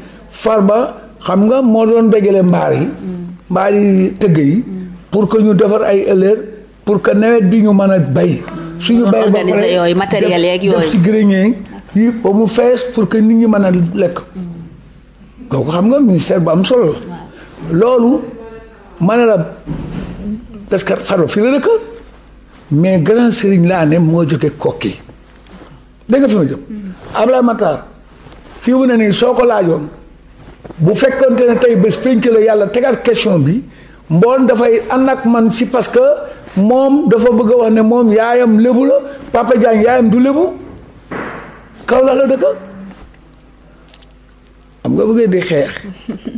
Farba xam nga moo doon dajale mbaar yi. Mm. mbaar yi tëgg yi. Mm. pour que ñu defar ay ëllëg pour que nawet bi ñu mën a bay. Mm. suñu bay ba pare yooyu matériel yeeg yooyu def ci grenier ba mu fees pour que nit ñi mën a lekk donc xam nga ministère bu am solo la loolu ma ne la parce que Farba fii la dëkk mais grand Serigne laa ne moo jóge kokki dégg nga fi ma jëm mm. Ablaye Matar fii mu ne nii soo ko laajoon bu fekkonte ne tey bés pénc la yàlla tegaat question bi mboon dafay ànd ak man si parce que moom dafa bëgg a wax ne moom yaayam lébu la Papa Diagne yaayam du lébu kaw la dëkk am nga bëggee di xeex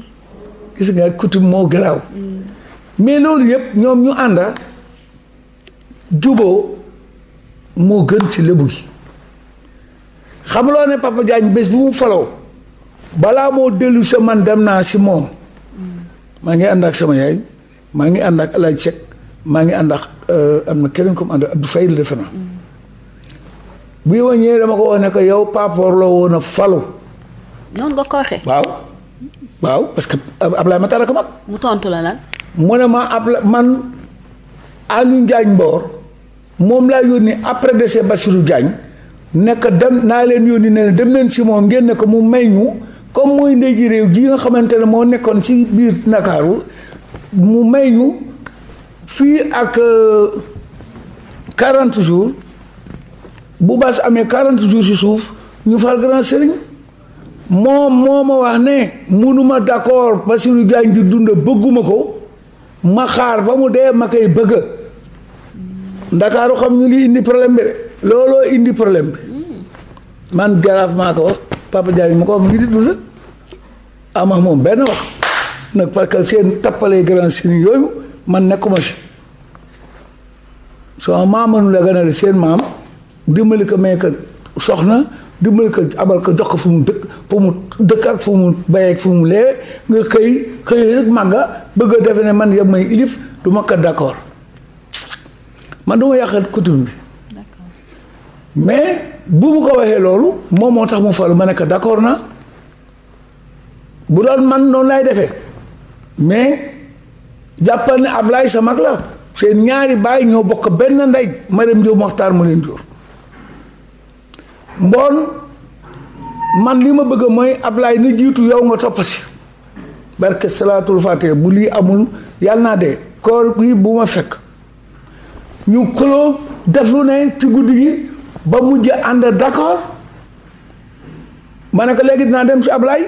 (laughs) gis nga coutume moo garaaw mm. mais loolu yëpp ñoom ñu ànda juboo moo gën si lébu gi xamuloo ne Papa Diagne bés bu mu falaw balaa moo dellu sa man dem naa si moom mm. maa ngi ànd ak sama yaay maa ngi ànd ak El Hadj maa ngi ànd ak euh, am na keneen comme ànd Abdou Faye la defe naa mm. bi ma dama ko wax ne ko yow Pape Mor woon a falu. noonu nga ko waxee. waaw waaw parce que Ablaye Matara ko mag. mu tontu la lan. mu ne ma Abla man Alioune Diagne Mbor moom laa yónni après décès Bassirou Diagne nekk dem naa leen yónni ne dem leen si moom ngeen ne ko mu may ñu comme mooy ndey ji réew gi nga xamante ne moo nekkoon si biir Ndakaaru mu may ñu fii ak 40 euh, jours. bu baas amee 40 jours ci suuf ñu fal grand sëriñ moom moo ma wax ne munuma d'accord Bassirou Diagne di dund bëgguma ko ma xaar ba mu dee ma koy bëgg ndakaaru xam ñu li indi problème bi de looloo indi problème bi man jaraaf maa ko wax Papa Diagne ma ko wax mu di dund ama moom benn wax nag seen tappalee grand sëriñ yooyu man nekkuma si sama maam mënula la gënal seen maam dimbali ko may ko soxna dimbali ko abal ko jox ko fu mu dëkk fu mu dëkk ak fu mu bayee fu mu lee nga xëy xëy rek màgga bëgg a defe ne man yem may ilif du ma ko d'accord man du ma yàqal coutume bi mais bu mu ko waxee loolu moom moo tax mu falu ma ne ko d'accord na bu doon man noonu lay defee mais jàppal ne Ablaye sa mag la seen ñaari baay ñoo bokk benn ndey Mariam Jóob Maxtaar ma leen jur mboon man li ma bëgg mooy Ablaay ni jiitu yow nga topp si barke salaatul fatiha bu lii amul yàlla naa dee koor gi bu ma fekk ñu xuloo def lu ne ci guddi gi ba mujj ànd d'accord ma ne ko léegi dinaa dem si Ablaay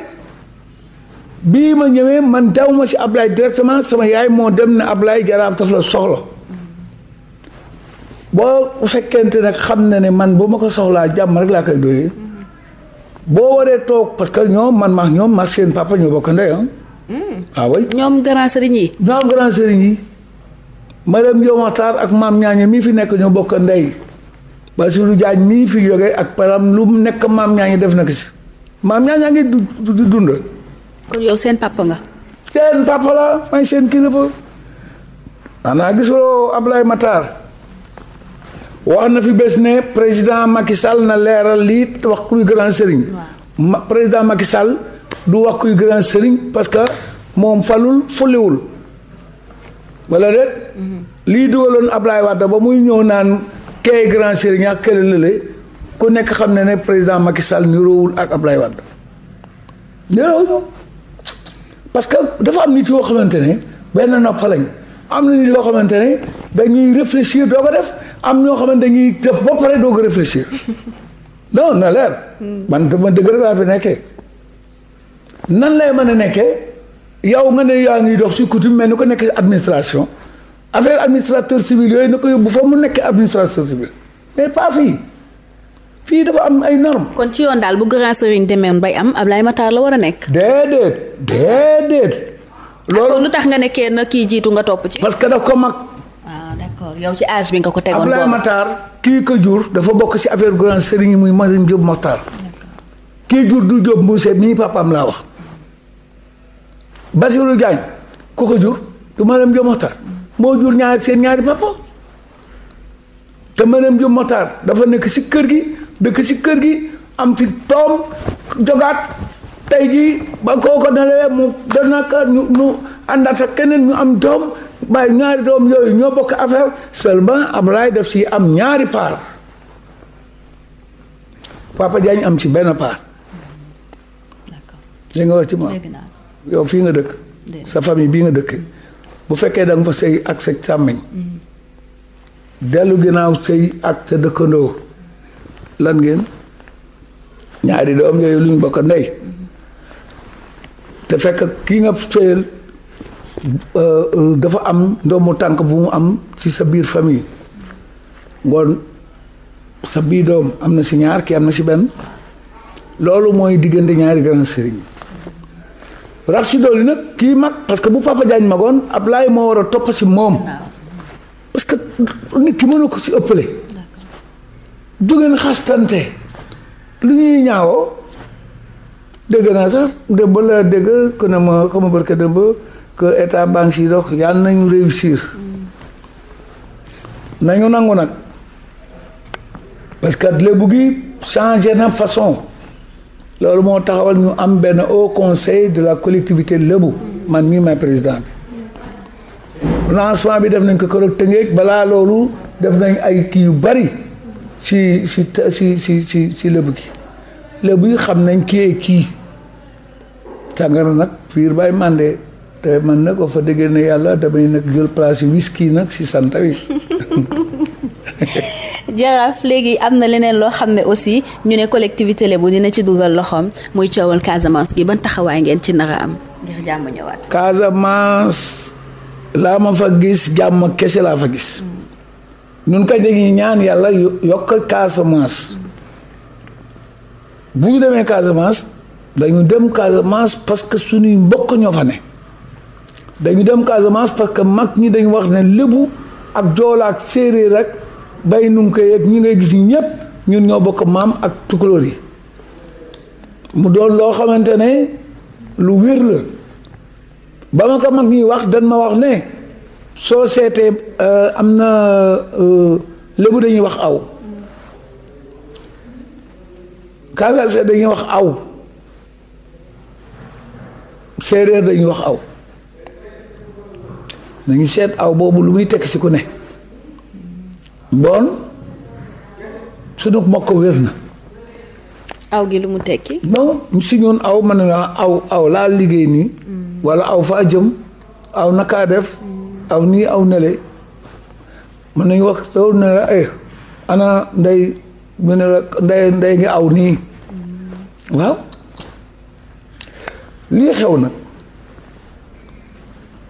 bii ma ñëwee man daw ma si Ablaay directement sama yaay moo dem ne Ablaay jaraaf daf la soxla boo fekkente nag xam na ne man bu ma ko soxlaa jàmm rek laa koy doyee boo waree toog parce que ñoom man maa ñoom ma seen papa ñoo bokk ndey ah. waaw hmm. ah ñoom grand sëriñ yi. ñoom grand sëriñ yi. madame ak maam ñaañe mii fi nekk ñoo bokk ndey Bassirou Diagne mii fi jógee ak param lu nekk maam ñaañe def na ko si maam ñaañe ngi du dund. seen papa nga. seen papa la may seen kilifa. maanaam gisuloo Ablaye wax na fi bés ne président Macky Sall na leeral lii wax kuy grand sëriñ. président Macky Sall du wax kuy grand sëriñ parce que moom falul fulliwul walla déet. Mhm. lii dugaloon Ablaye Wade ba muy ñëw naan kay grand sëriñ ak kële lële ku nekk xam ne ne président Macky Sall niroowul ak Ablaye Wade niroowul parce que dafa am nit yoo xamante ne benn nopp lañ am na nit yoo xamante ne dañuy réfléchir doo ko def. am ñoo xamante dañuy def ba pare doog réfléchir (laughs) non na leer hmm. man dama dëgg laa fi nekkee nan lay mën a nekkee yow nga ne yaa ngi dox si coutume mais ni ko nekk administration affaire administrateur civil yooyu na ko yóbbu fa mu nekk administrateur civil mais pas fii fii dafa am ay normes. kon ci yoon daal bu grand sëriñ demeewoon bay am Ablaye Matar la war a nekk. déedéet déedéet. Ah, loolu lu tax nga nekkee na kii jiitu nga topp ci. parce que daf ko mag. d'accord yow ci âge bi nga ko tegoon boobu Ablaye Matar kii ko jur dafa bokk si affaire grand sëriñ yi muy Marim Diop Matar kii jur du Diop Mbuuse mii papaam laa wax Basirou Diagne ku ko jur du Marim Diop Matar moo jur ñaari seen ñaari papa te Marim Diop Matar dafa nekk si kër gi dëkk si kër gi am fi toom jogaat tey jii ba kooko nelawee mu dana kër ñu ñu àndaat keneen ñu am doom waaye ñaari doom yooyu ñoo bokk affaire seulement Ablaye daf si am ñaari paar Papa Diagne am ci benn paar. li nga wax yow fii nga dëkk. sa famille bii nga dëkk. bu fekkee da nga fa sëy ak sa càmmiñ. Mm-hmm. dellu ginnaaw sëy ak sa dëkkandoo. lan ngeen ñaari doom yooyu luñ bokk ndey. Mm-hmm. te fekk kii nga sëyal Euh, euh, dafa am ndoomu tànk bu mu am ci sa biir famille ngoon sa biir doom am na si ñaar ki am na si benn loolu mooy diggante ñaari grand sëriñ rax ci dolli nag kii mag parce que bu Papa Diagne magoon Ablaye moo war a topp ci moom parce que nit ki mënu ko si ëpple du xastante lu ñuy ñaawoo dégg naa sax de ba la dégg ku ne ma xama barke dem ba que état banque si dox yàlla nañu réussir mm. nañu nangu nag parce que lébu gi changé na façon loolu moo taxawal ñu am benn haut conseil de la collectivité lébu man mii may président bi lancement bi def nañ ko keroog tëngeeg balaa loolu def nañ ay kii yu bari si ci si si ci ci lébu gi lébu yi xam nañ kii kii tàngara nag fiir bay màndee te man nag wax fa dëgg ne yàlla damay nag jël place yi whisky nag si sant wi (laughs) jaraaf léegi am na leneen loo xam ne aussi ñu ne collectivité Lebu dina ci dugal loxoom muy coowal Casamance gi ban taxawaa ngeen ci nar am ngir jàmm ñëwaat. Casamance laa ma fa gis jàmm kese laa fa gis ñun kañ dañuy ñaan yàlla yokk Casamance bu ñu demee Casamance dañu dem Casamance parce que suñuy mbokk ñoo fa ne. dañu dem Casamance parce que mag ñi dañu wax ne lébu ak joola séeréer rek bay nunke yeeg ñi ngay gis ñëpp ñun ñoo bokk maam ak tukulóor yi mu doon loo xamante ne lu wér la ba ma ko mag ñi wax dañ ma wax ne soo seetee euh, am na euh, lébu dañuy wax aw Casamance dañuy wax aw séeréer dañuy wax aw nañu seet aw boobu lu muy tekk si ku ne bon sunu mokk wér na aw gi lu mu tekki non si ñoon aw man na aw aw laa liggéey nii mm. wala aw faa jëm aw nakaa def mm. aw nii aw nele mën nañu wax loolu ne eh, ana ndey mu ne ngi aw nii mm. waaw lii xew nag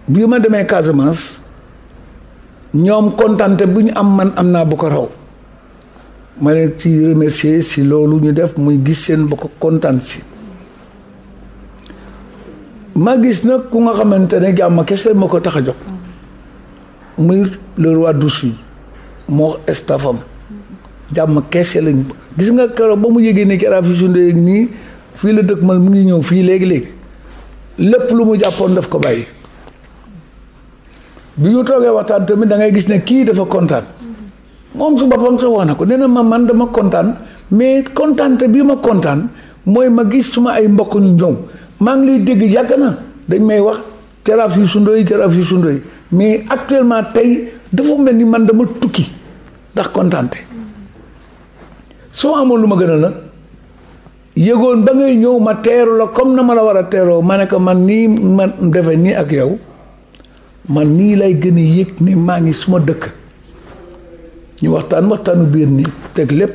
bi ma demee Casamance ñoom kontante bu ñu am man am naa bu ko raw ma leen ci remercier si loolu ñu def muy gis seen bu ko kontaan si ma gis nag ku nga xamante ne jàmm kese ma ko tax a jóg muy le roi d'Oussouye moo estafam jàmm kese lañ gis nga keroog ba mu yëgee ni Kera fi sundee nii fii la dëkk man mu ngi ñëw fii léegi léegi lépp lu mu jàppoon daf ko bàyyi. bi ñu toogee waxtaan tamit dangay gis ne kii dafa kontaan moom su boppam sa wax na ko nee na ma man dama kontaan mais kontaante bi ma kontaan mooy ma gis suma ay mbokk ñu ñëw maa ngi lay dégg yàgg na dañ may wax jaraaf yu sundoo yi jaraaf yu sundoo mais actuellement tey dafa mel ni man dama tukki ndax kontaante soo amoon lu ma gën a nag yëgoon ba ngay ñëw ma teeru la comme na ma la war a teeroo ma ne ko man nii ma defe nii ak yow man nii lay gën a yëg ni maa ngi suma dëkk ñu waxtaan waxtaanu biir ni teg lépp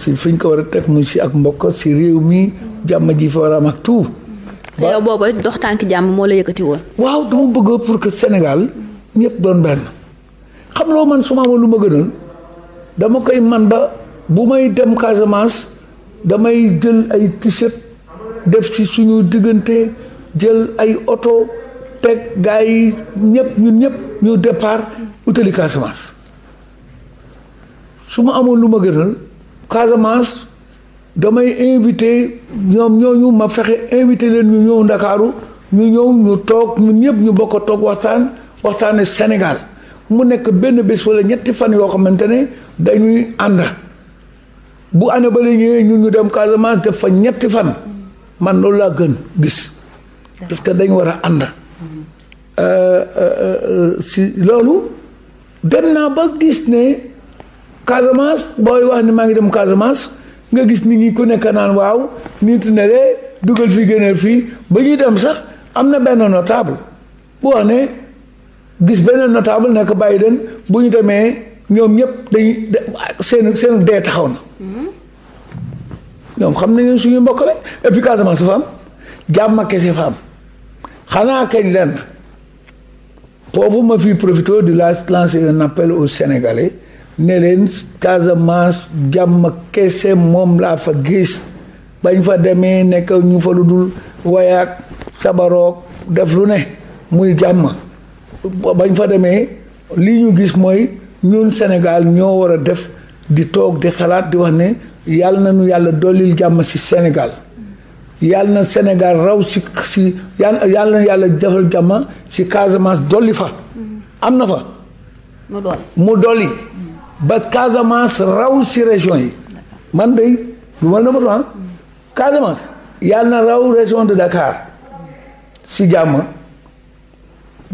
si fi ñu ko war a teg muy si ak mbokk si réew mi jàmm ji fa war a am ak tout. tànk jàmm moo woon. waaw dama bëgg pour que senegal ñëpp doon benn xam loo man su ma amoon lu ma gënal dama koy man ba bu may dem Casamance damay jël ay t-shirt def ci suñu diggante jël ay oto. teg gars yi ñëpp ñun ñëpp ñu départ utali Casamance su ma amoon lu ma gënal Casamance damay invité ñoom ñooñu ma fexe invité leen ñu ñëw Ndakaaru ñu ñëw ñu toog ñun ñëpp ñu bokk a toog waxtaan waxtaane Sénégal mu nekk benn bés wala ñetti fan yoo xamante ne dañuy ànd bu année ba la ñu ñu dem Casamance def fa ñetti fan man loolu laa gën gis parce que dañ war a ànd Euh, euh, euh, si loolu dem naa ba gis ne Casamance booy wax ni maa ngi dem Casamance nga gis nit ñi ku nekk naan waaw nit ne de dugal fii génneel fii ba ñuy dem sax am na benn notable bu wax ne gis benn notable nekk bàyyi den bu ñu demee ñoom ñëpp dañuy seen seen dee taxaw na. Mm-hmm. ñoom xam nañu suñu mbokk lañ et puis Casamance fa am jàmm kese fa am xanaa kañ lenn. foofu ma fi profité di la lancer un appel aux Sénégalais ne leen Casamance jàmm kese moom laa fa gis bañ fa demee nekk ñu fa lu dul wayaak sabaroog def lu ne muy jàmm bañ fa demee li ñu gis mooy ñun Sénégal ñoo war a def di toog di xalaat di wax ne yàlla na ñu yàlla dollil jàmm ci Sénégal yàlla na Sénégal raw si si yàlla yàlla na yàlla defal jàmm si Casamance dolli fa. am na fa. mu dolli ba Casamance raw si région yi. man de lu ma nëbbatu ah. yàlla na raw région de Dakar si jàmm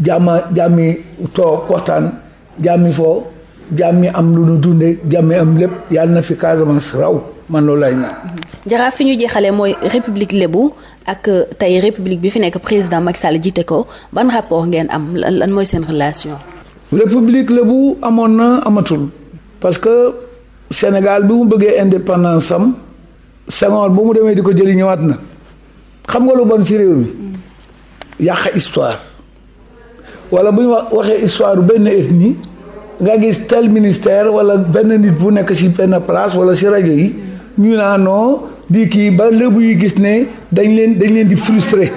jàmm jàmmi toog waxtaan jàmmi foo jàmmi am lu nu dunde jàmmi am lépp yàlla na fi Casamance raw. man loolu lay ñaan. jaraaf fi ñu jeexalee mooy république lébu ak euh, tey république bi fi nekk président Macky Sall jiite ko ban rapport ngeen am lan mooy seen relation. république lébu amoon na amatul. parce que Sénégal bi mu bëggee indépendance am Senghor bu mu demee di ko jëli ñëwaat na. xam nga lu bon ci réew mi. yàq histoire. wala bu ñu waxee histoire benn ethnie. nga gis tel ministère wala benn nit bu nekk ci benn place wala ci rajo yi. ñu naa naanoo di kii ba lébu yu gis ne dañ leen dañ leen di frustré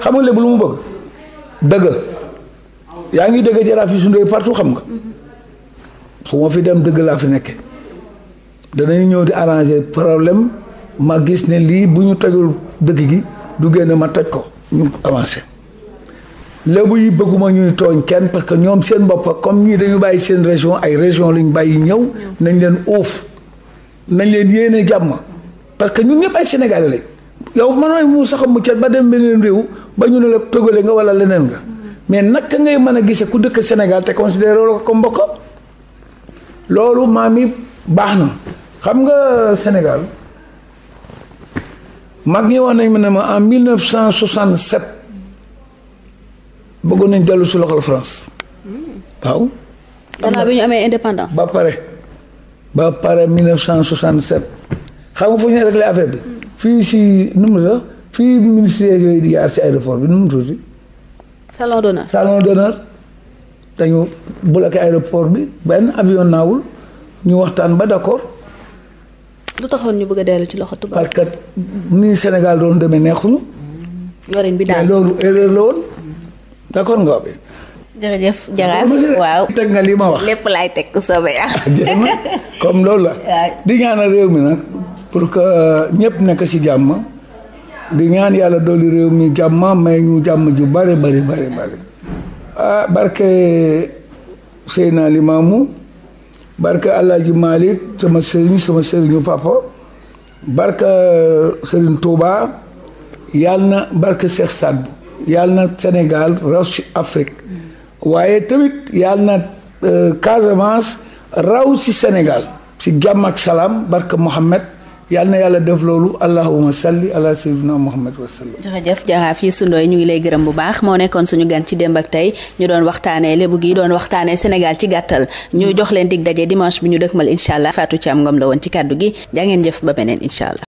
xam nga lébu lu mu bëgg dëgg yaa ngi dëgg jaraaf yi sundooy partout xam nga fu ma fi dem dëgg laa fi nekke danañu ñëw di arranger problème ma gis ne lii bu ñu tojul dëkk gi du génn ma toj ko ñu avancer lébu yi bëgguma ñuy tooñ kenn parce que ñoom seen bopp comme ñii dañu bàyyi seen région ay région lañu bàyyi ñëw nañ leen uuf nañ leen yéene ma parce que ñu ñëpp ay sénégal lañ yow man mu sax mu ca ba dem beneen réew ba ñu ne la togale nga wala leneen nga mais naka ngay mën a gisee ku dëkk Sénégal te considéré ko comme mbokk loolu maam yi baax na xam nga Sénégal mag ñi wax nañ ma ne ma en mille 1967 bëggoon nañ dellu si loxol France hmm. waaw. gannaaw bi ñu amee indépendance. ba pare. ba pare 1967 xam nga fu ñu réglé affaire bi fii si nu mu sax fii ministère yooyu di yaar si aéroport bi nu mu tuuti. salon d'honneur salon d'honneur dañu bloqué aéroport bi benn avion naawul ñu waxtaan ba d'accord. lu taxoon ñu bëgg a dellu ci loxo tubaab. parce que ni Sénégal doon demee neexuñu. yorin bi daal loolu erreur la woon d'accord nga wax jërëjëf waaw teg nga li ma wax lépp laay teg ku soobee yàlla. Ah, jërëjëf comme loolu la. (laughs) di ñaanal réew mi nag pour que euh, ñëpp nekk si jàmm. di ñaan yàlla dolli réew mi jàmm may ñu jàmm ju bare bare bare bare. ah barke Seyna Limaamu barke Alaaji Malik sama sëriñ sama sëriñu papa barke euh, sëriñ Touba yàlla na barke Cheikh Saad yàlla na Sénégal raw Afrique. waaye tamit yàlla na euh, Casamance raw ci Sénégal ci jàmm ak salaam barka Mouhamed yàlla na yàlla def loolu allahumma salli ala sayyidina Muhammad wa sallam. jërëjëf jaraaf yi sundooy ñu ngi lay gërëm bu baax moo nekkoon suñu gan ci démb ak tey ñu doon waxtaanee lébu gi doon waxtaanee Sénégal ci gàttal ñu jox leen dig daje dimanche bi ñu dëkkmal incha allah Fatou Thiam Ngom la woon ci kàddu gi jaa ngeen jëf ba beneen incha allah.